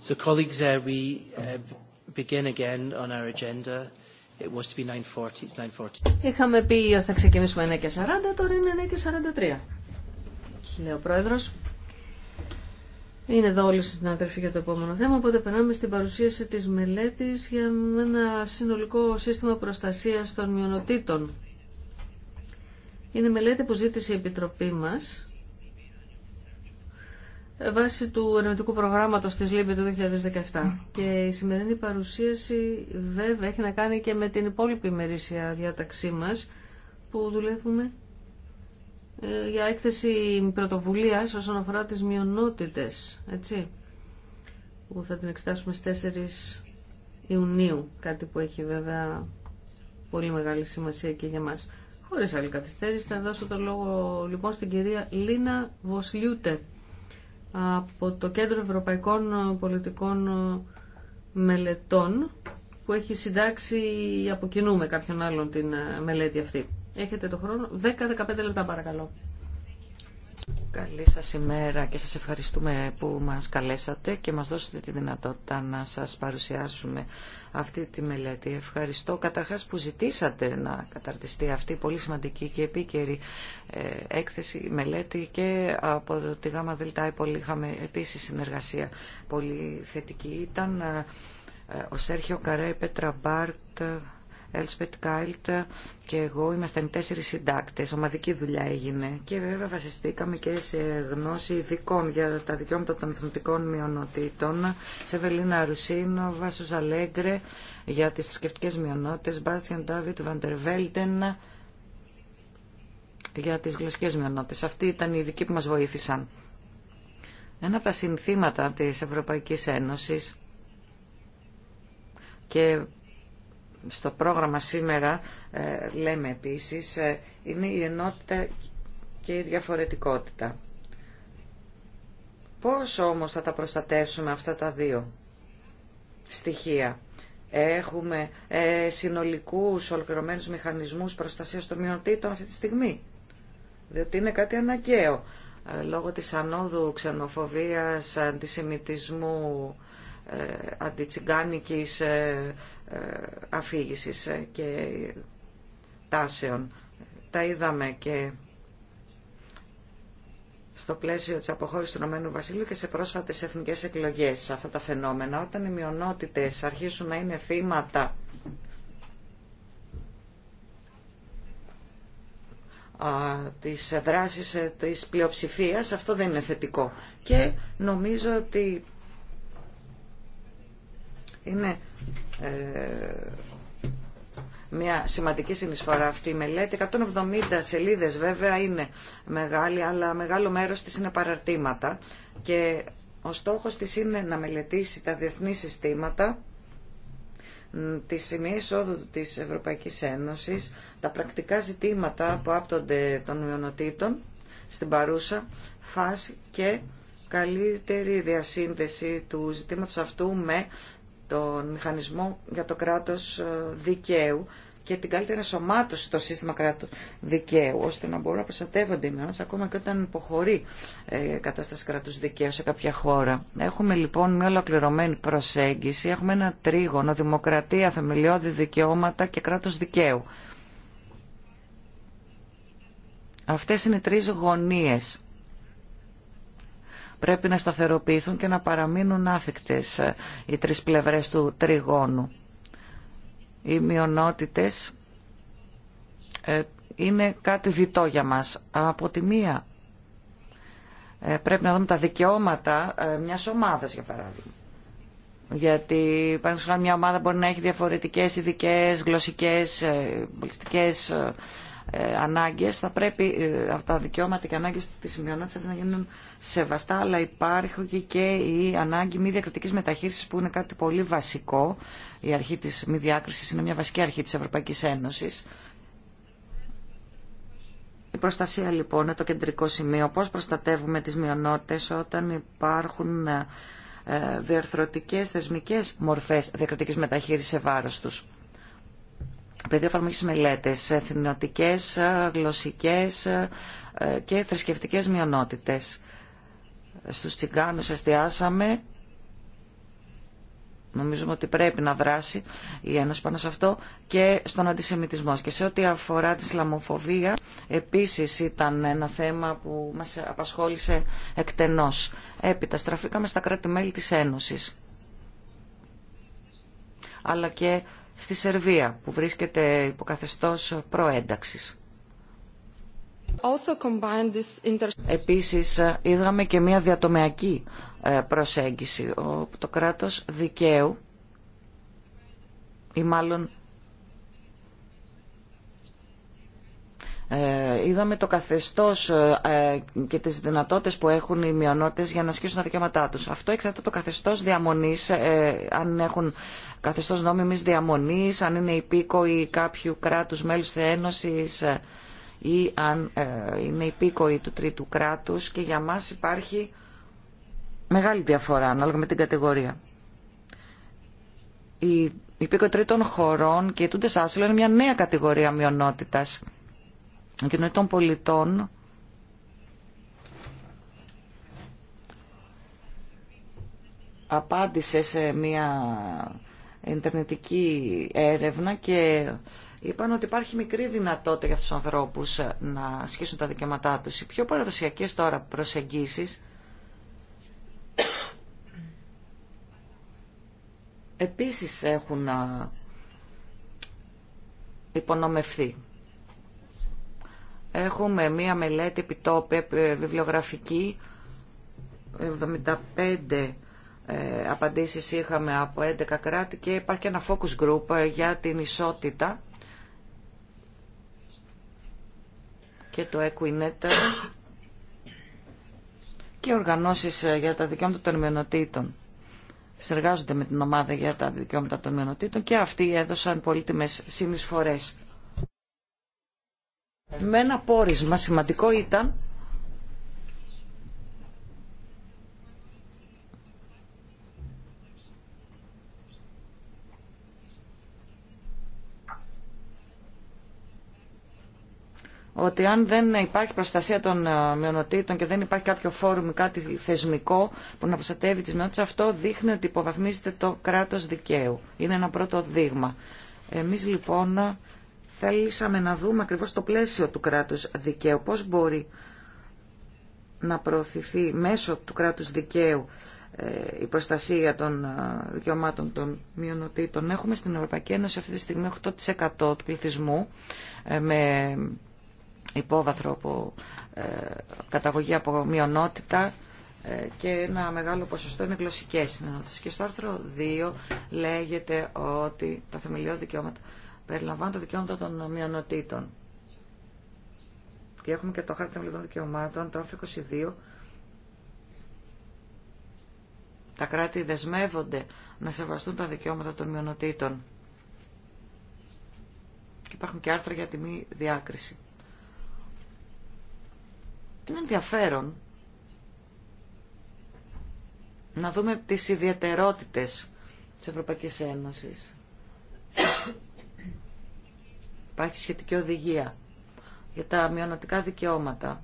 So, colleagues, uh, we uh, begin again on our 9.40. Είχαμε πει ότι θα ξεκινήσουμε 9.40, τώρα είναι 9.43. Λέει ο Πρόεδρος. Είναι εδώ όλοι οι συνάδελφοι για το επόμενο θέμα, οπότε περνάμε στην παρουσίαση της μελέτης για ένα συνολικό σύστημα προστασίας των μειονοτήτων. Είναι μελέτη που ζήτησε η Επιτροπή μας βάσει του ερευνητικού προγράμματος της ΛΥΜΠΕ του 2017. Και η σημερινή παρουσίαση βέβαια έχει να κάνει και με την υπόλοιπη ημερήσια διάταξή μας που δουλεύουμε ε, για έκθεση πρωτοβουλίας όσον αφορά τις μειονότητες, έτσι, που θα την εξετάσουμε στις 4 Ιουνίου, κάτι που έχει βέβαια πολύ μεγάλη σημασία και για μας. Χωρίς άλλη καθυστέρηση θα δώσω το λόγο λοιπόν στην κυρία Λίνα Βοσλιούτε από το Κέντρο Ευρωπαϊκών Πολιτικών Μελετών που έχει συντάξει από κοινού με κάποιον άλλον την ε, μελέτη αυτή. Έχετε το χρόνο. 10-15 λεπτά παρακαλώ. Καλή σας ημέρα και σας ευχαριστούμε που μας καλέσατε και μας δώσετε τη δυνατότητα να σας παρουσιάσουμε αυτή τη μελέτη. Ευχαριστώ καταρχάς που ζητήσατε να καταρτιστεί αυτή η πολύ σημαντική και επίκαιρη ε, έκθεση, μελέτη και από τη ΓΑΜΑ ΔΕΛΤΑ είχαμε επίσης συνεργασία πολύ θετική. Ήταν ε, ε, ο Σέρχιο Καρέ Πέτρα Μπάρτ, Ελσπετ Κάιλτ και εγώ ήμασταν τέσσερι συντάκτε. Ομαδική δουλειά έγινε. Και βέβαια βασιστήκαμε και σε γνώση ειδικών για τα δικαιώματα των εθνικών μειονοτήτων. Σε Βελίνα Ρουσίνοβα, Αλέγκρε για τι θρησκευτικέ μειονότητε. Μπάστιαν Ντάβιτ Βαντερβέλτεν για τι γλωσσικέ μειονότητε. Αυτοί ήταν οι ειδικοί που μα βοήθησαν. Ένα από τα συνθήματα τη Ευρωπαϊκή Ένωση και στο πρόγραμμα σήμερα ε, λέμε επίσης ε, είναι η ενότητα και η διαφορετικότητα. Πώς όμως θα τα προστατεύσουμε αυτά τα δύο στοιχεία. Έχουμε ε, συνολικούς ολοκληρωμένους μηχανισμούς προστασίας των μειονοτήτων αυτή τη στιγμή. Διότι είναι κάτι αναγκαίο. Ε, λόγω της ανόδου ξενοφοβίας, αντισημιτισμού, ε, αντιτσιγκάνικης αφήγησης και τάσεων. Τα είδαμε και στο πλαίσιο της αποχώρησης του Ηνωμένου Βασιλείου και σε πρόσφατες εθνικές εκλογές αυτά τα φαινόμενα. Όταν οι μειονότητες αρχίσουν να είναι θύματα της δράσης ε, της πλειοψηφίας, αυτό δεν είναι θετικό. Και νομίζω ότι είναι ε, μια σημαντική συνεισφορά αυτή η μελέτη. 170 σελίδες βέβαια είναι μεγάλη, αλλά μεγάλο μέρος της είναι παραρτήματα. Και ο στόχος της είναι να μελετήσει τα διεθνή συστήματα, τη σημεία εισόδου της Ευρωπαϊκής Ένωσης, τα πρακτικά ζητήματα που άπτονται των μειονοτήτων στην παρούσα φάση και καλύτερη διασύνδεση του ζητήματος αυτού με τον μηχανισμό για το κράτος ε, δικαίου και την καλύτερη ενσωμάτωση στο σύστημα κράτου δικαίου, ώστε να μπορούν να προστατεύονται οι ακόμα και όταν υποχωρεί ε, η κατάσταση κράτους δικαίου σε κάποια χώρα. Έχουμε λοιπόν μια ολοκληρωμένη προσέγγιση. Έχουμε ένα τρίγωνο δημοκρατία, θεμελιώδη δικαιώματα και κράτος δικαίου. Αυτές είναι οι τρεις γωνίες πρέπει να σταθεροποιηθούν και να παραμείνουν άθικτες ε, οι τρεις πλευρές του τριγώνου. Οι μειονότητες ε, είναι κάτι διτό για μας. Από τη μία ε, πρέπει να δούμε τα δικαιώματα μιας ομάδας για παράδειγμα. Γιατί υπάρχει μια ομάδα μπορεί να δουμε τα δικαιωματα μια διαφορετικές μια ομαδα γλωσσικές, πολιτιστικές ε, ανάγκες, θα πρέπει ε, αυτά τα δικαιώματα και ανάγκες της μειονότητας να γίνουν σεβαστά, αλλά υπάρχει και η ανάγκη μη διακριτικής μεταχείρισης που είναι κάτι πολύ βασικό. Η αρχή της μη διάκρισης είναι μια βασική αρχή της Ευρωπαϊκής Ένωσης. Η προστασία λοιπόν είναι το κεντρικό σημείο. Πώς προστατεύουμε τις μειονότητες όταν υπάρχουν ε, διαρθρωτικές θεσμικές μορφές διακριτικής μεταχείρισης σε βάρος τους πεδίο εφαρμογή μελέτε, εθνοτικέ, γλωσσικέ ε, και θρησκευτικέ μειονότητες. Στου τσιγκάνου εστιάσαμε. Νομίζουμε ότι πρέπει να δράσει η Ένωση πάνω σε αυτό και στον αντισημιτισμό. Και σε ό,τι αφορά τη σλαμοφοβία επίσης ήταν ένα θέμα που μας απασχόλησε εκτενώς. Έπειτα στραφήκαμε στα κράτη-μέλη της Ένωσης αλλά και στη Σερβία που βρίσκεται υποκαθεστώς προένταξης. Επίσης ε, είδαμε και μια διατομεακή ε, προσέγγιση το κράτος δικαίου ή μάλλον Ε, είδαμε το καθεστώς ε, και τις δυνατότητες που έχουν οι μειονότητες για να ασκήσουν τα δικαιώματά τους. Αυτό εξαρτάται το καθεστώς διαμονής, ε, αν έχουν καθεστώς νόμιμης διαμονής, αν είναι υπήκοοι κάποιου κράτους μέλους της Ένωσης ή αν είναι υπήκοοι του τρίτου κράτους και για μας υπάρχει μεγάλη διαφορά ανάλογα με την κατηγορία. Οι υπήκοοι τρίτων χωρών και τούτε άσυλο είναι μια νέα κατηγορία μειονότητας κοινωνία των πολιτών απάντησε σε μια ιντερνετική έρευνα και είπαν ότι υπάρχει μικρή δυνατότητα για αυτούς τους ανθρώπους να ασχίσουν τα δικαιώματά τους. Οι πιο παραδοσιακές τώρα προσεγγίσεις επίσης έχουν υπονομευθεί. Έχουμε μία μελέτη επιτόπη ε, βιβλιογραφική, 75 ε, απαντήσεις είχαμε από 11 κράτη και υπάρχει ένα focus group ε, για την ισότητα και το Equinet και οργανώσεις ε, για τα δικαιώματα των μειονοτήτων. Συνεργάζονται με την ομάδα για τα δικαιώματα των μειονοτήτων και αυτοί έδωσαν πολύτιμες συνεισφορές. Με ένα πόρισμα σημαντικό ήταν ότι αν δεν υπάρχει προστασία των ε, μειονοτήτων και δεν υπάρχει κάποιο φόρουμ ή κάτι θεσμικό που να προστατεύει τις μειονότητες, αυτό δείχνει ότι υποβαθμίζεται το κράτος δικαίου. Είναι ένα πρώτο δείγμα. Εμείς λοιπόν Θέλησαμε να δούμε ακριβώς το πλαίσιο του κράτους δικαίου, πώς μπορεί να προωθηθεί μέσω του κράτους δικαίου ε, η προστασία των ε, δικαιωμάτων των μειονοτήτων. Έχουμε στην Ευρωπαϊκή Ένωση αυτή τη στιγμή 8% του πληθυσμού ε, με υπόβαθρο από καταγωγή από μειονότητα και ένα μεγάλο ποσοστό είναι γλωσσικές μειονότητες. Και στο άρθρο 2 λέγεται ότι τα θεμελιώδη δικαιώματα περιλαμβάνουν τα δικαιώματα των μειονοτήτων. Και έχουμε και το χάρτη των πληθών δικαιωμάτων, το άρθρο 22. Τα κράτη δεσμεύονται να σεβαστούν τα δικαιώματα των μειονοτήτων. Και υπάρχουν και άρθρα για τη μη διάκριση. Είναι ενδιαφέρον να δούμε τις ιδιαιτερότητες της Ευρωπαϊκής Ένωσης. Υπάρχει σχετική οδηγία για τα μειονοτικά δικαιώματα.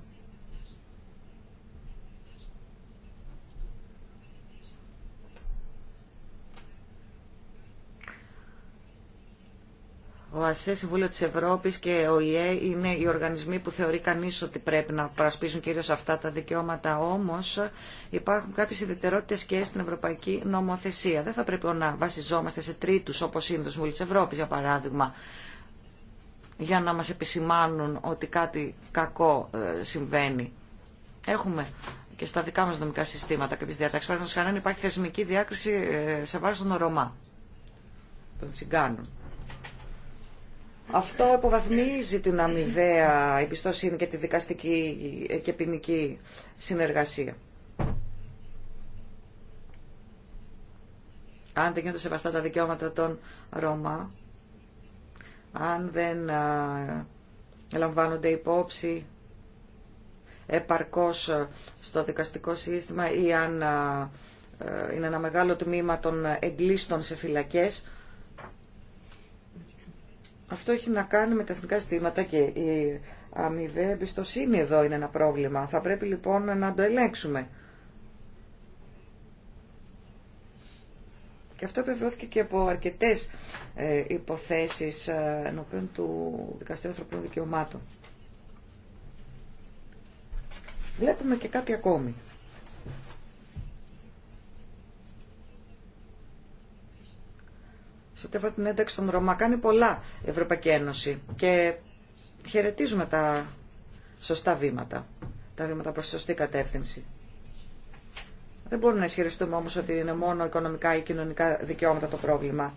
Ο ΑΣΕ, Συμβούλιο της Ευρώπης και ο ΙΕ είναι οι οργανισμοί που θεωρεί κανείς ότι πρέπει να παρασπίσουν κυρίως αυτά τα δικαιώματα. Όμως υπάρχουν κάποιες ιδιαιτερότητες και στην ευρωπαϊκή νομοθεσία. Δεν θα πρέπει να βασιζόμαστε σε τρίτους όπως είναι το Συμβούλιο της Ευρώπης για παράδειγμα για να μας επισημάνουν ότι κάτι κακό ε, συμβαίνει. Έχουμε και στα δικά μας νομικά συστήματα κάποιες διατάξεις. Παραδείγματος κανένα υπάρχει θεσμική διάκριση ε, σε βάρος των Ρωμά, των Τσιγκάνων. Αυτό υποβαθμίζει την αμοιβαία εμπιστοσύνη και τη δικαστική ε, και ποινική συνεργασία. Αν δεν γίνονται σεβαστά τα δικαιώματα των Ρώμα, αν δεν λαμβάνονται υπόψη επαρκώς στο δικαστικό σύστημα ή αν ε, είναι ένα μεγάλο τμήμα των εγκλήστων σε φυλακές. Αυτό έχει να κάνει με τα εθνικά συστήματα και η αμοιβαία εμπιστοσύνη εδώ είναι ένα πρόβλημα. Θα πρέπει λοιπόν να το ελέγξουμε. Και αυτό επιβεβαιώθηκε και από αρκετέ ε, υποθέσει ε, ενώπιον του Δικαστήριου Ανθρωπίνων Δικαιωμάτων. Βλέπουμε και κάτι ακόμη. Σε ό,τι την ένταξη των Ρωμά, κάνει πολλά η Ευρωπαϊκή Ένωση και χαιρετίζουμε τα σωστά βήματα, τα βήματα προς σωστή κατεύθυνση. Δεν μπορούμε να ισχυριστούμε όμως ότι είναι μόνο οικονομικά ή κοινωνικά δικαιώματα το πρόβλημα.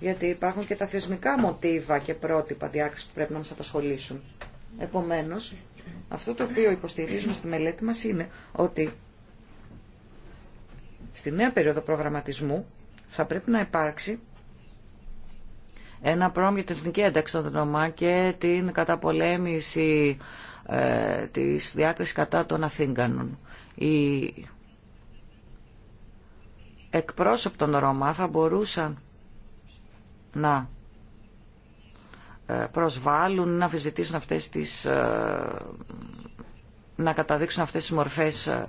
Γιατί υπάρχουν και τα θεσμικά μοτίβα και πρότυπα διάκριση που πρέπει να μας απασχολήσουν. Επομένως, αυτό το οποίο υποστηρίζουμε στη μελέτη μας είναι ότι στη νέα περίοδο προγραμματισμού θα πρέπει να υπάρξει ένα πρόγραμμα για την εθνική ένταξη των και την καταπολέμηση ε, της διάκρισης κατά των Αθήγανων. Η Εκπρόσωπ των Ρώμα θα μπορούσαν να ε, προσβάλλουν, να αμφισβητήσουν αυτές τις, ε, να καταδείξουν αυτές τις μορφές ε,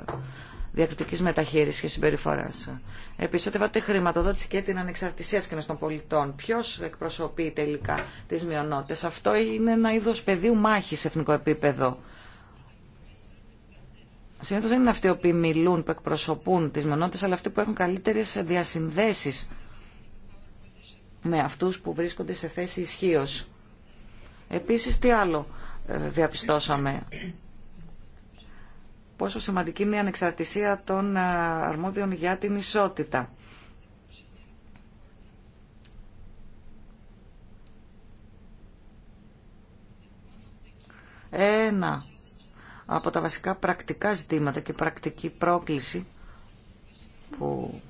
διακριτικής μεταχείρισης και συμπεριφοράς. Επίσης, ότι τη χρηματοδότηση και την ανεξαρτησία και των πολιτών. Ποιος εκπροσωπεί τελικά τις μειονότητες. Αυτό είναι ένα είδος πεδίου μάχης σε εθνικό επίπεδο. Συνήθω δεν είναι αυτοί οι οποίοι μιλούν, που εκπροσωπούν τι μενότητε, αλλά αυτοί που έχουν καλύτερε διασυνδέσεις με αυτού που βρίσκονται σε θέση ισχύω. Επίση, τι άλλο ε, διαπιστώσαμε. Πόσο σημαντική είναι η ανεξαρτησία των ε, αρμόδιων για την ισότητα. Ένα από τα βασικά πρακτικά ζητήματα και πρακτική πρόκληση που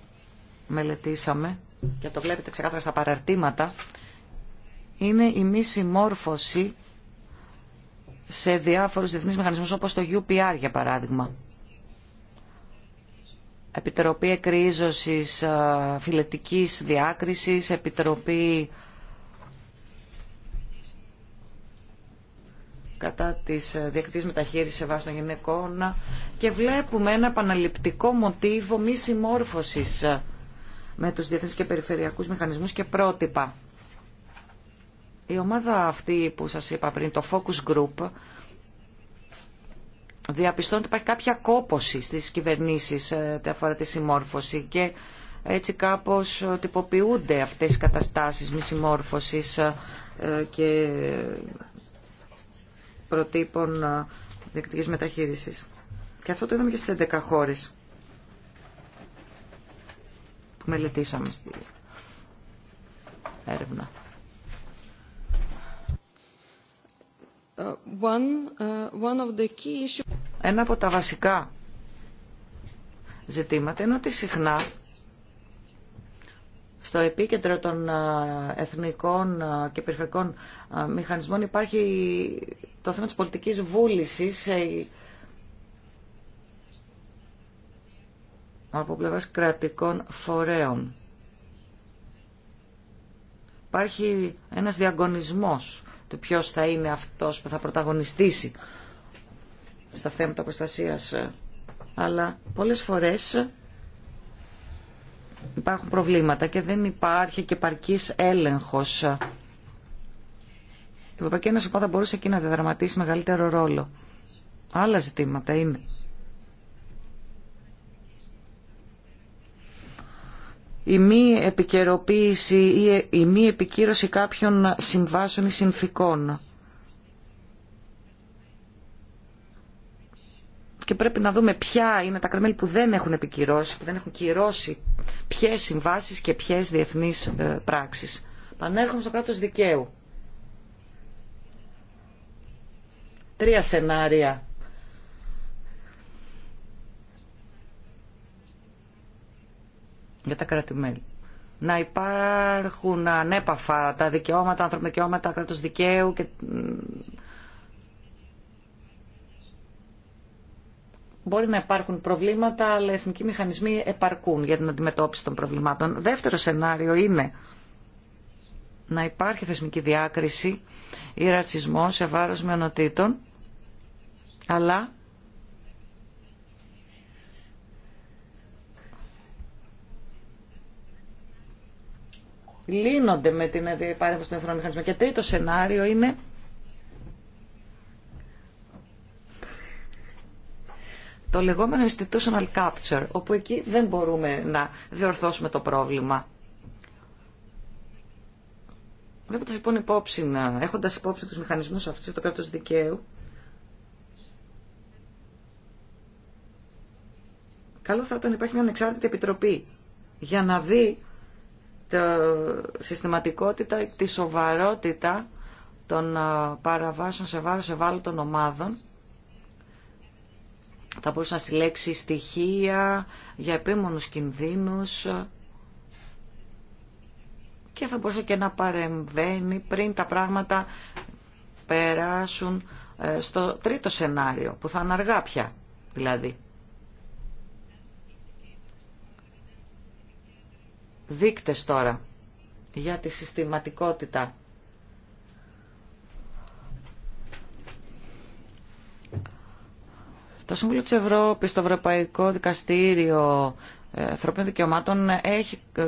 μελετήσαμε και το βλέπετε ξεκάθαρα στα παραρτήματα είναι η μη συμμόρφωση σε διάφορους διεθνείς μηχανισμούς όπως το UPR για παράδειγμα. Επιτροπή εκρίζωσης ε, φιλετικής διάκρισης, Επιτροπή κατά της ε, διακριτής μεταχείρισης σε βάση των γυναικών και βλέπουμε ένα επαναληπτικό μοτίβο μη ε, με τους διεθνείς και περιφερειακούς μηχανισμούς και πρότυπα. Η ομάδα αυτή που σας είπα πριν, το Focus Group, διαπιστώνει ότι υπάρχει κάποια κόποση στις κυβερνήσεις ε, ό,τι αφορά τη συμμόρφωση και έτσι κάπως τυποποιούνται αυτές οι καταστάσεις μη συμμόρφωσης και προτύπων ε, διεκτικής μεταχείρισης. Και αυτό το είδαμε και στις 11 χώρες που μελετήσαμε στη έρευνα. Uh, one, uh, one of the Ένα από τα βασικά ζητήματα είναι ότι συχνά στο επίκεντρο των εθνικών και περιφερικών μηχανισμών υπάρχει το θέμα της πολιτικής βούλησης ε, από πλευράς κρατικών φορέων. Υπάρχει ένας διαγωνισμός του ποιος θα είναι αυτός που θα πρωταγωνιστήσει στα θέματα προστασίας. Ε, αλλά πολλές φορές υπάρχουν προβλήματα και δεν υπάρχει και παρκής έλεγχος. Η Ευρωπαϊκή Ένωση θα μπορούσε εκεί να διαδραματίσει μεγαλύτερο ρόλο. Άλλα ζητήματα είναι. Η μη επικαιροποίηση ή η μη επικύρωση κάποιων συμβάσεων ή συνθήκων και πρέπει να δούμε ποια είναι τα κρατημέλη που δεν έχουν επικυρώσει, που δεν έχουν κυρώσει ποιε συμβάσει και ποιες διεθνείς ε, πράξει. Πανέρχομαι στο κράτος δικαίου. Τρία σενάρια. Για τα κρατημέλη. Να υπάρχουν ανέπαφα τα δικαιώματα, ανθρώπινα δικαιώματα, κράτος δικαίου και Μπορεί να υπάρχουν προβλήματα, αλλά οι εθνικοί μηχανισμοί επαρκούν για την αντιμετώπιση των προβλημάτων. Δεύτερο σενάριο είναι να υπάρχει θεσμική διάκριση ή ρατσισμό σε βάρος μειονοτήτων, αλλά λύνονται με την παρέμβαση των εθνών μηχανισμών. Και τρίτο σενάριο είναι το λεγόμενο institutional capture, όπου εκεί δεν μπορούμε να διορθώσουμε το πρόβλημα. Βλέποντας, λοιπόν υπόψη, έχοντας υπόψη του μηχανισμού αυτού του κράτου δικαίου, καλό θα ήταν να υπάρχει μια ανεξάρτητη επιτροπή για να δει τη συστηματικότητα, τη σοβαρότητα των παραβάσεων σε βάρος ευάλωτων ομάδων θα μπορούσε να συλλέξει στοιχεία για επίμονους κινδύνους και θα μπορούσε και να παρεμβαίνει πριν τα πράγματα περάσουν ε, στο τρίτο σενάριο που θα είναι αργά πια δηλαδή. Δείκτες τώρα για τη συστηματικότητα Το Συμβούλιο της Ευρώπης, το Ευρωπαϊκό Δικαστήριο ε, Ανθρωπίνων Δικαιωμάτων έχει ε,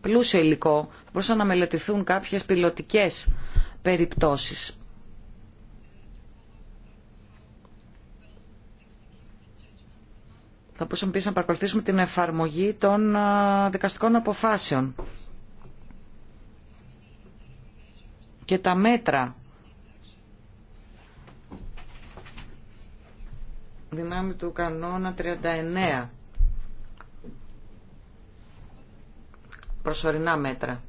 πλούσιο υλικό. Θα μπορούσαν να μελετηθούν κάποιες πιλωτικές περιπτώσεις. Θα μπορούσαμε επίσης να παρακολουθήσουμε την εφαρμογή των ε, δικαστικών αποφάσεων και τα μέτρα δυνάμει του κανόνα 39. Προσωρινά μέτρα.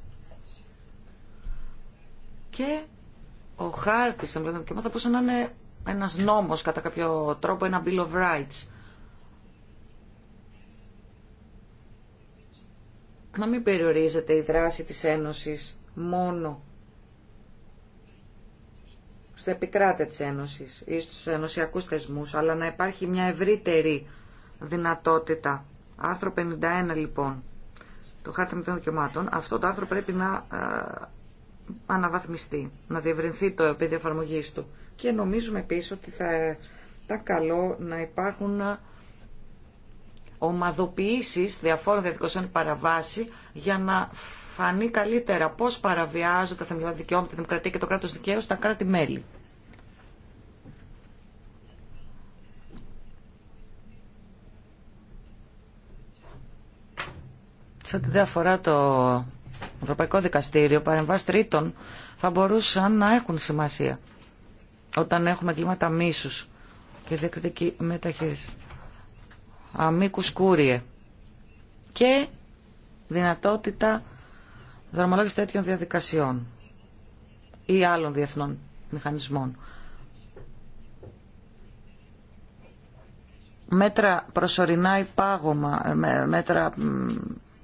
Και ο χάρτης των πλέον δικαιωμάτων μπορούσε να είναι ένας νόμος κατά κάποιο τρόπο, ένα Bill of Rights. Να μην περιορίζεται η δράση της Ένωσης μόνο στο επικράτε της Ένωσης ή στους ενωσιακούς θεσμούς, αλλά να υπάρχει μια ευρύτερη δυνατότητα. Άρθρο 51 λοιπόν, το χάρτη των δικαιωμάτων, αυτό το άρθρο πρέπει να ε, αναβαθμιστεί, να διευρυνθεί το επίδιο εφαρμογή του. Και νομίζουμε επίση ότι θα ήταν καλό να υπάρχουν ομαδοποιήσεις διαφόρων διαδικασιών παραβάση για να φανεί καλύτερα πώς παραβιάζονται τα θεμελιώδη δικαιώματα, τη δημοκρατία και το κράτος δικαίου στα κράτη-μέλη. Σε ό,τι δεν αφορά το Ευρωπαϊκό Δικαστήριο, παρεμβάσει τρίτων θα μπορούσαν να έχουν σημασία όταν έχουμε κλίματα μίσου. και διακριτική μεταχείριση. αμίκου κούριε και δυνατότητα δρομολόγηση τέτοιων διαδικασιών ή άλλων διεθνών μηχανισμών. Μέτρα προσωρινά ή πάγωμα, μέτρα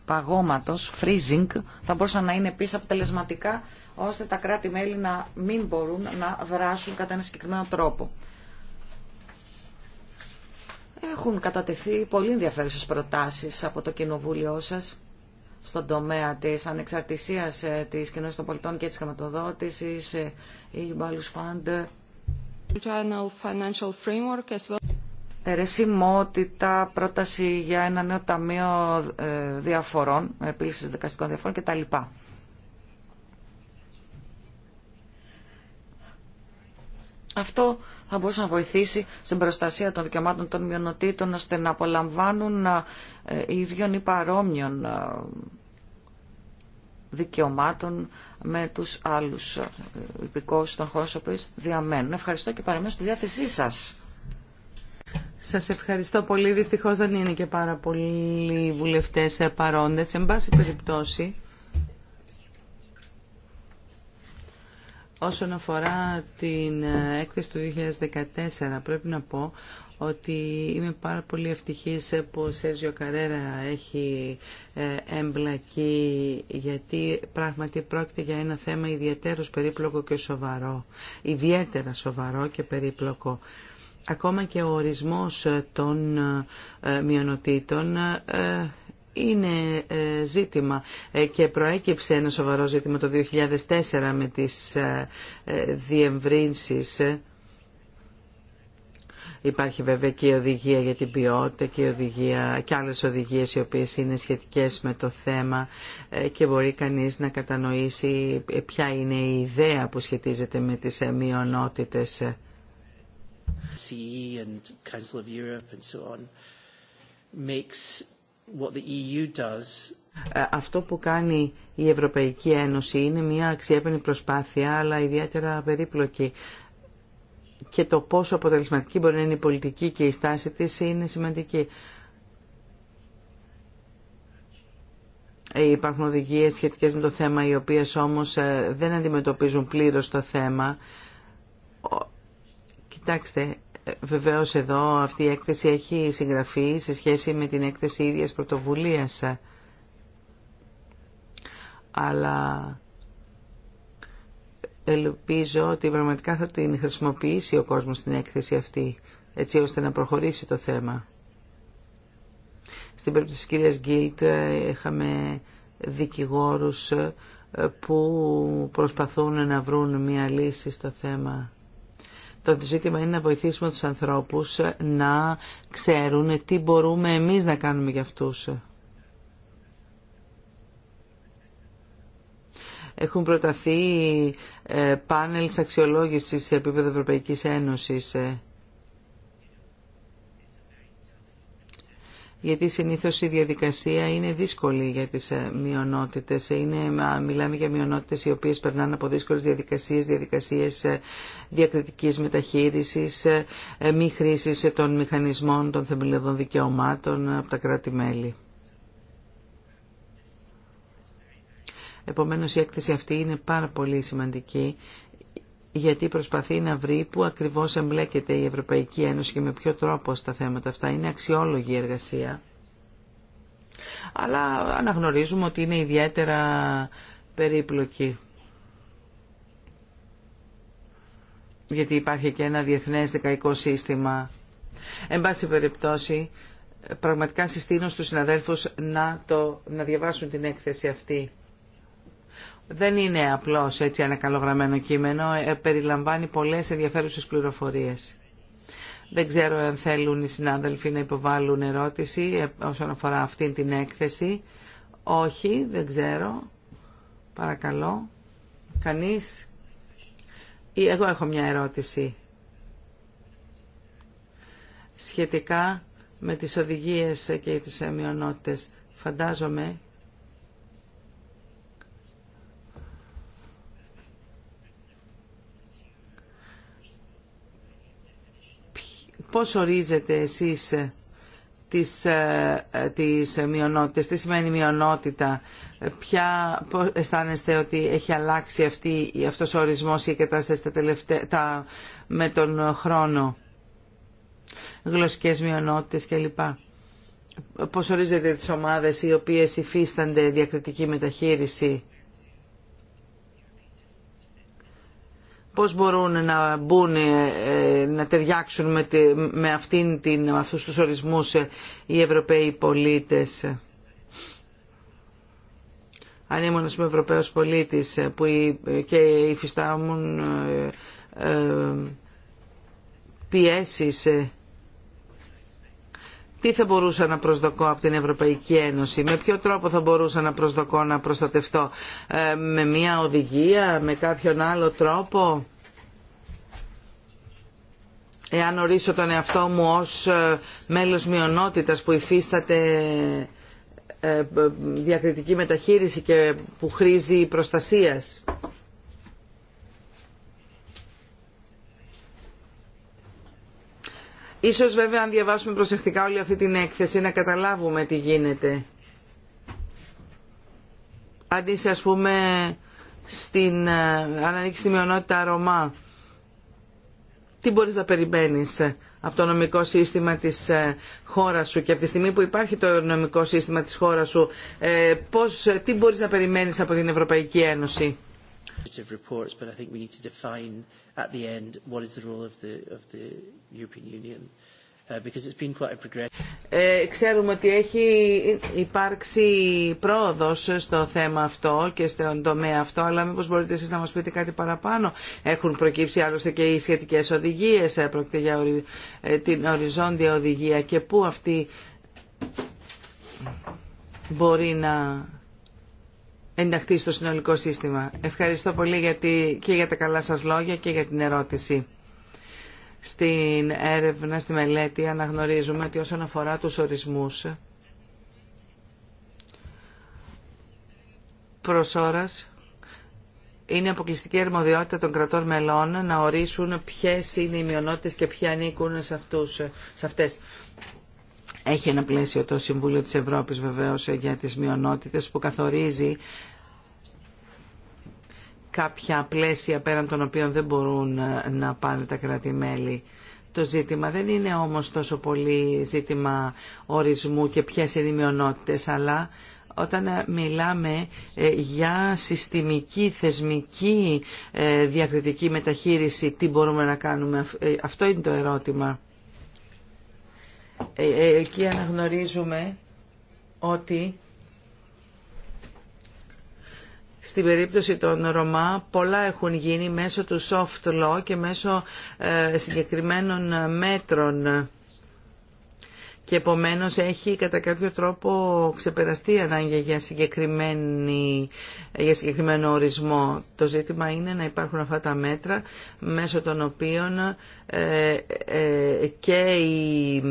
παγώματος, freezing, θα μπορούσαν να είναι επίσης αποτελεσματικά ώστε τα κράτη-μέλη να μην μπορούν να δράσουν κατά ένα συγκεκριμένο τρόπο. Έχουν κατατεθεί πολύ ενδιαφέρουσες προτάσεις από το κοινοβούλιο σας στον τομέα της ανεξαρτησίας ε, της κοινωνίας των πολιτών και της χρηματοδότησης ή ε, Balus Fund ερεσιμότητα, πρόταση για ένα νέο ταμείο ε, διαφορών, επίλυσης δικαστικών διαφορών κτλ. Αυτό θα μπορούσε να βοηθήσει στην προστασία των δικαιωμάτων των μειονοτήτων ώστε να απολαμβάνουν ε, ίδιων ή παρόμοιων ε, δικαιωμάτων με τους άλλους ε, υπηκόους των χώρων που διαμένουν. Ευχαριστώ και παραμένω στη διάθεσή σας. Σας ευχαριστώ πολύ. Δυστυχώς δεν είναι και πάρα πολλοί βουλευτές παρόντες. Εν πάση περιπτώσει... Όσον αφορά την ε, έκθεση του 2014, πρέπει να πω ότι είμαι πάρα πολύ ευτυχής που ο Σέρζιο Καρέρα έχει ε, εμπλακεί γιατί πράγματι πρόκειται για ένα θέμα ιδιαίτερος περίπλοκο και σοβαρό. Ιδιαίτερα σοβαρό και περίπλοκο. Ακόμα και ο ορισμός των ε, μειονοτήτων είναι ε, ζήτημα ε, και προέκυψε ένα σοβαρό ζήτημα το 2004 με τις ε, διευρύνσεις. Υπάρχει βέβαια και η οδηγία για την ποιότητα και, οδηγία, και άλλες οδηγίες οι οποίες είναι σχετικές με το θέμα και μπορεί κανείς να κατανοήσει ποια είναι η ιδέα που σχετίζεται με τις μειονότητες. CE and Council and so on makes E ε, αυτό που κάνει η Ευρωπαϊκή Ένωση είναι μια αξιέπαινη προσπάθεια, αλλά ιδιαίτερα περίπλοκη. Και το πόσο αποτελεσματική μπορεί να είναι η πολιτική και η στάση της είναι σημαντική. Ε, υπάρχουν οδηγίες σχετικές με το θέμα, οι οποίες όμως ε, δεν αντιμετωπίζουν πλήρως το θέμα. Κοιτάξτε, Βεβαίω εδώ αυτή η έκθεση έχει συγγραφεί σε σχέση με την έκθεση ίδιας πρωτοβουλία. Αλλά ελπίζω ότι πραγματικά θα την χρησιμοποιήσει ο κόσμος την έκθεση αυτή, έτσι ώστε να προχωρήσει το θέμα. Στην περίπτωση της κυρίας Γκίλτ ε, είχαμε δικηγόρους ε, που προσπαθούν να βρουν μια λύση στο θέμα. Το ζήτημα είναι να βοηθήσουμε τους ανθρώπους να ξέρουν τι μπορούμε εμείς να κάνουμε για αυτούς. Έχουν προταθεί ε, πάνελ αξιολόγησης σε επίπεδο Ευρωπαϊκής Ένωσης γιατί συνήθως η διαδικασία είναι δύσκολη για τις ε, μειονότητες. Είναι, μιλάμε για μειονότητες οι οποίες περνάνε από δύσκολες διαδικασίες, διαδικασίες ε, διακριτικής μεταχείρισης, ε, μη χρήση των μηχανισμών των θεμελιωδών δικαιωμάτων από τα κράτη-μέλη. Επομένως η έκθεση αυτή είναι πάρα πολύ σημαντική γιατί προσπαθεί να βρει που ακριβώς εμπλέκεται η Ευρωπαϊκή Ένωση και με ποιο τρόπο στα θέματα αυτά. Είναι αξιόλογη η εργασία. Αλλά αναγνωρίζουμε ότι είναι ιδιαίτερα περίπλοκη. Γιατί υπάρχει και ένα διεθνές δικαϊκό σύστημα. Εν πάση περιπτώσει, πραγματικά συστήνω στους συναδέλφους να, το, να διαβάσουν την έκθεση αυτή δεν είναι απλώς έτσι ένα καλογραμμένο κείμενο, ε, ε, περιλαμβάνει πολλές ενδιαφέρουσες πληροφορίες. Δεν ξέρω αν θέλουν οι συνάδελφοι να υποβάλουν ερώτηση ε, όσον αφορά αυτή την έκθεση. Όχι, δεν ξέρω. Παρακαλώ. Κανείς. Ή εγώ έχω μια ερώτηση. Σχετικά με τις οδηγίες και τις μειονότητες. Φαντάζομαι Πώς ορίζετε εσείς ε, τις, ε, ε, τις μειονότητες, τι σημαίνει μειονότητα, ποια, αισθάνεστε ότι έχει αλλάξει αυτή, αυτός ο ορισμός και η κατάσταση τα με τον χρόνο, γλωσσικές μειονότητες κλπ. Πώς ορίζετε τις ομάδες οι οποίες υφίστανται διακριτική μεταχείριση πώς μπορούν να μπουν, ε, ε, να ταιριάξουν με, με, αυτήν την, με αυτούς τους ορισμούς ε, οι Ευρωπαίοι πολίτες. Αν ήμουν ο Ευρωπαίος πολίτης που και υφιστάμουν πιέσεις τι θα μπορούσα να προσδοκώ από την Ευρωπαϊκή Ένωση, με ποιο τρόπο θα μπορούσα να προσδοκώ να προστατευτώ, ε, με μια οδηγία, με κάποιον άλλο τρόπο. Εάν ορίσω τον εαυτό μου ως ε, μέλος μειονότητας που υφίσταται ε, διακριτική μεταχείριση και που χρήζει προστασίας. Ίσως βέβαια αν διαβάσουμε προσεκτικά όλη αυτή την έκθεση να καταλάβουμε τι γίνεται. Αν είσαι ας πούμε στην, ε, αν ανήκει στη μειονότητα Ρωμά, τι μπορείς να περιμένεις ε, από το νομικό σύστημα της ε, χώρας σου και από τη στιγμή που υπάρχει το νομικό σύστημα της χώρας σου, πώς, τι μπορείς να περιμένεις από την Ευρωπαϊκή Ένωση ξέρουμε ότι έχει υπάρξει πρόοδος στο θέμα αυτό και στον τομέα αυτό, αλλά μήπως μπορείτε εσείς να μας πείτε κάτι παραπάνω. Έχουν προκύψει άλλωστε και οι σχετικές οδηγίες, ε, πρόκειται για ε, την οριζόντια οδηγία και πού αυτή μπορεί να ενταχθεί στο συνολικό σύστημα. Ευχαριστώ πολύ γιατί και για τα καλά σας λόγια και για την ερώτηση. Στην έρευνα, στη μελέτη αναγνωρίζουμε ότι όσον αφορά τους ορισμούς προς ώρας, είναι αποκλειστική αρμοδιότητα των κρατών μελών να ορίσουν ποιες είναι οι μειονότητες και ποιοι ανήκουν σε, αυτούς, σε αυτές. Έχει ένα πλαίσιο το Συμβούλιο της Ευρώπης βεβαίως για τις μειονότητες που καθορίζει κάποια πλαίσια πέραν των οποίων δεν μπορούν ε, να πάνε τα κράτη-μέλη. Το ζήτημα δεν είναι όμως τόσο πολύ ζήτημα ορισμού και ποιες είναι οι μειονότητες, αλλά όταν ε, μιλάμε ε, για συστημική, θεσμική διακριτική μεταχείριση, τι μπορούμε να κάνουμε, αυτό είναι το ερώτημα. Εκεί αναγνωρίζουμε ότι στην περίπτωση των Ρωμά πολλά έχουν γίνει μέσω του soft law και μέσω ε, συγκεκριμένων μέτρων και επομένως έχει κατά κάποιο τρόπο ξεπεραστεί η ανάγκη για, συγκεκριμένη, για συγκεκριμένο ορισμό. Το ζήτημα είναι να υπάρχουν αυτά τα μέτρα μέσω των οποίων ε, ε, και οι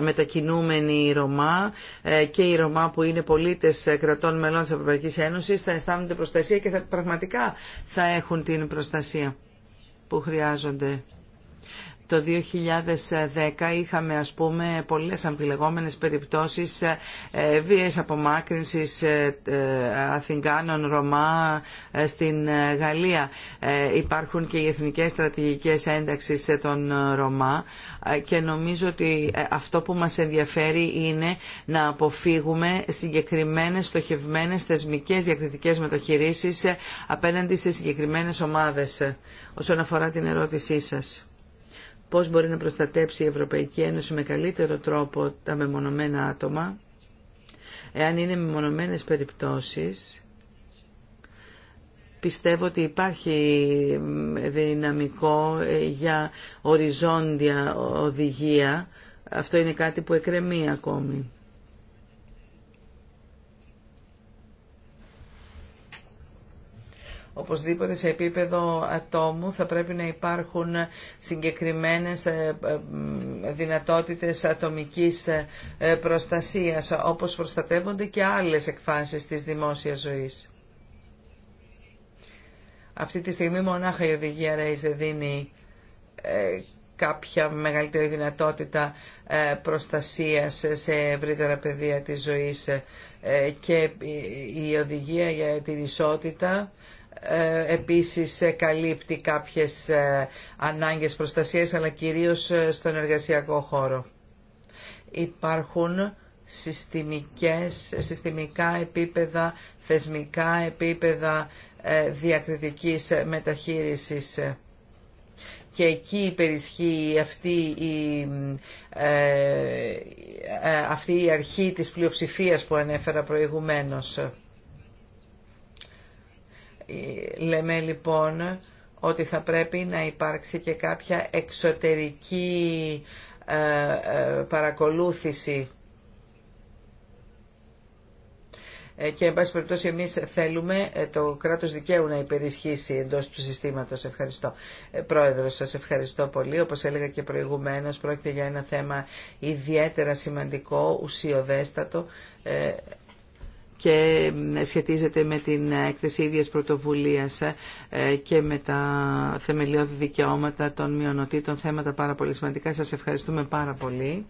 μετακινούμενοι Ρωμά ε, και οι Ρωμά που είναι πολίτες κρατών μελών της Ευρωπαϊκής Ένωσης θα αισθάνονται προστασία και πραγματικά θα έχουν την προστασία που χρειάζονται. Το 2010 είχαμε ας πούμε πολλές αμφιλεγόμενες περιπτώσεις ε, ε, βίαιες απομάκρυνσης ε, Αθηγάνων Ρωμά στην Γαλλία. Υπάρχουν και οι εθνικές στρατηγικές σε των Ρωμά και νομίζω ότι αυτό που μας ενδιαφέρει είναι να αποφύγουμε συγκεκριμένες στοχευμένες θεσμικές διακριτικές μεταχειρήσεις απέναντι σε συγκεκριμένες ομάδες. Όσον αφορά την ερώτησή σας πώς μπορεί να προστατέψει η Ευρωπαϊκή Ένωση με καλύτερο τρόπο τα μεμονωμένα άτομα, εάν είναι μεμονωμένες περιπτώσεις, πιστεύω ότι υπάρχει δυναμικό ε, για οριζόντια οδηγία. Αυτό είναι κάτι που εκρεμεί ακόμη. Οπωσδήποτε σε επίπεδο ατόμου θα πρέπει να υπάρχουν συγκεκριμένες ε, ε, δυνατότητες ατομικής ε, προστασίας, όπως προστατεύονται και άλλες εκφάνσεις της δημόσιας ζωής. Αυτή τη στιγμή μονάχα η οδηγία Ρέιζε δίνει κάποια μεγαλύτερη δυνατότητα προστασίας σε ευρύτερα πεδία της ζωής και η οδηγία για την ισότητα ε, επίσης ε, καλύπτει κάποιες ε, ανάγκες προστασίας αλλά κυρίως στον εργασιακό χώρο. Υπάρχουν συστημικές, συστημικά επίπεδα, θεσμικά επίπεδα διακριτικής μεταχείρισης και εκεί υπερισχύει αυτή η, αυτή η αρχή της πλειοψηφίας που ανέφερα προηγουμένως λέμε λοιπόν ότι θα πρέπει να υπάρξει και κάποια εξωτερική ε, ε, παρακολούθηση ε, και εν πάση περιπτώσει εμείς θέλουμε το κράτος δικαίου να υπερισχύσει εντός του συστήματος. Ευχαριστώ. Πρόεδρος, σας ευχαριστώ πολύ. Όπως έλεγα και προηγουμένως, πρόκειται για ένα θέμα ιδιαίτερα σημαντικό, ουσιοδέστατο και σχετίζεται με την έκθεση ίδια πρωτοβουλίας ε, και με τα θεμελιώδη δικαιώματα των μειονοτήτων θέματα πάρα πολύ σημαντικά. Σας ευχαριστούμε πάρα πολύ.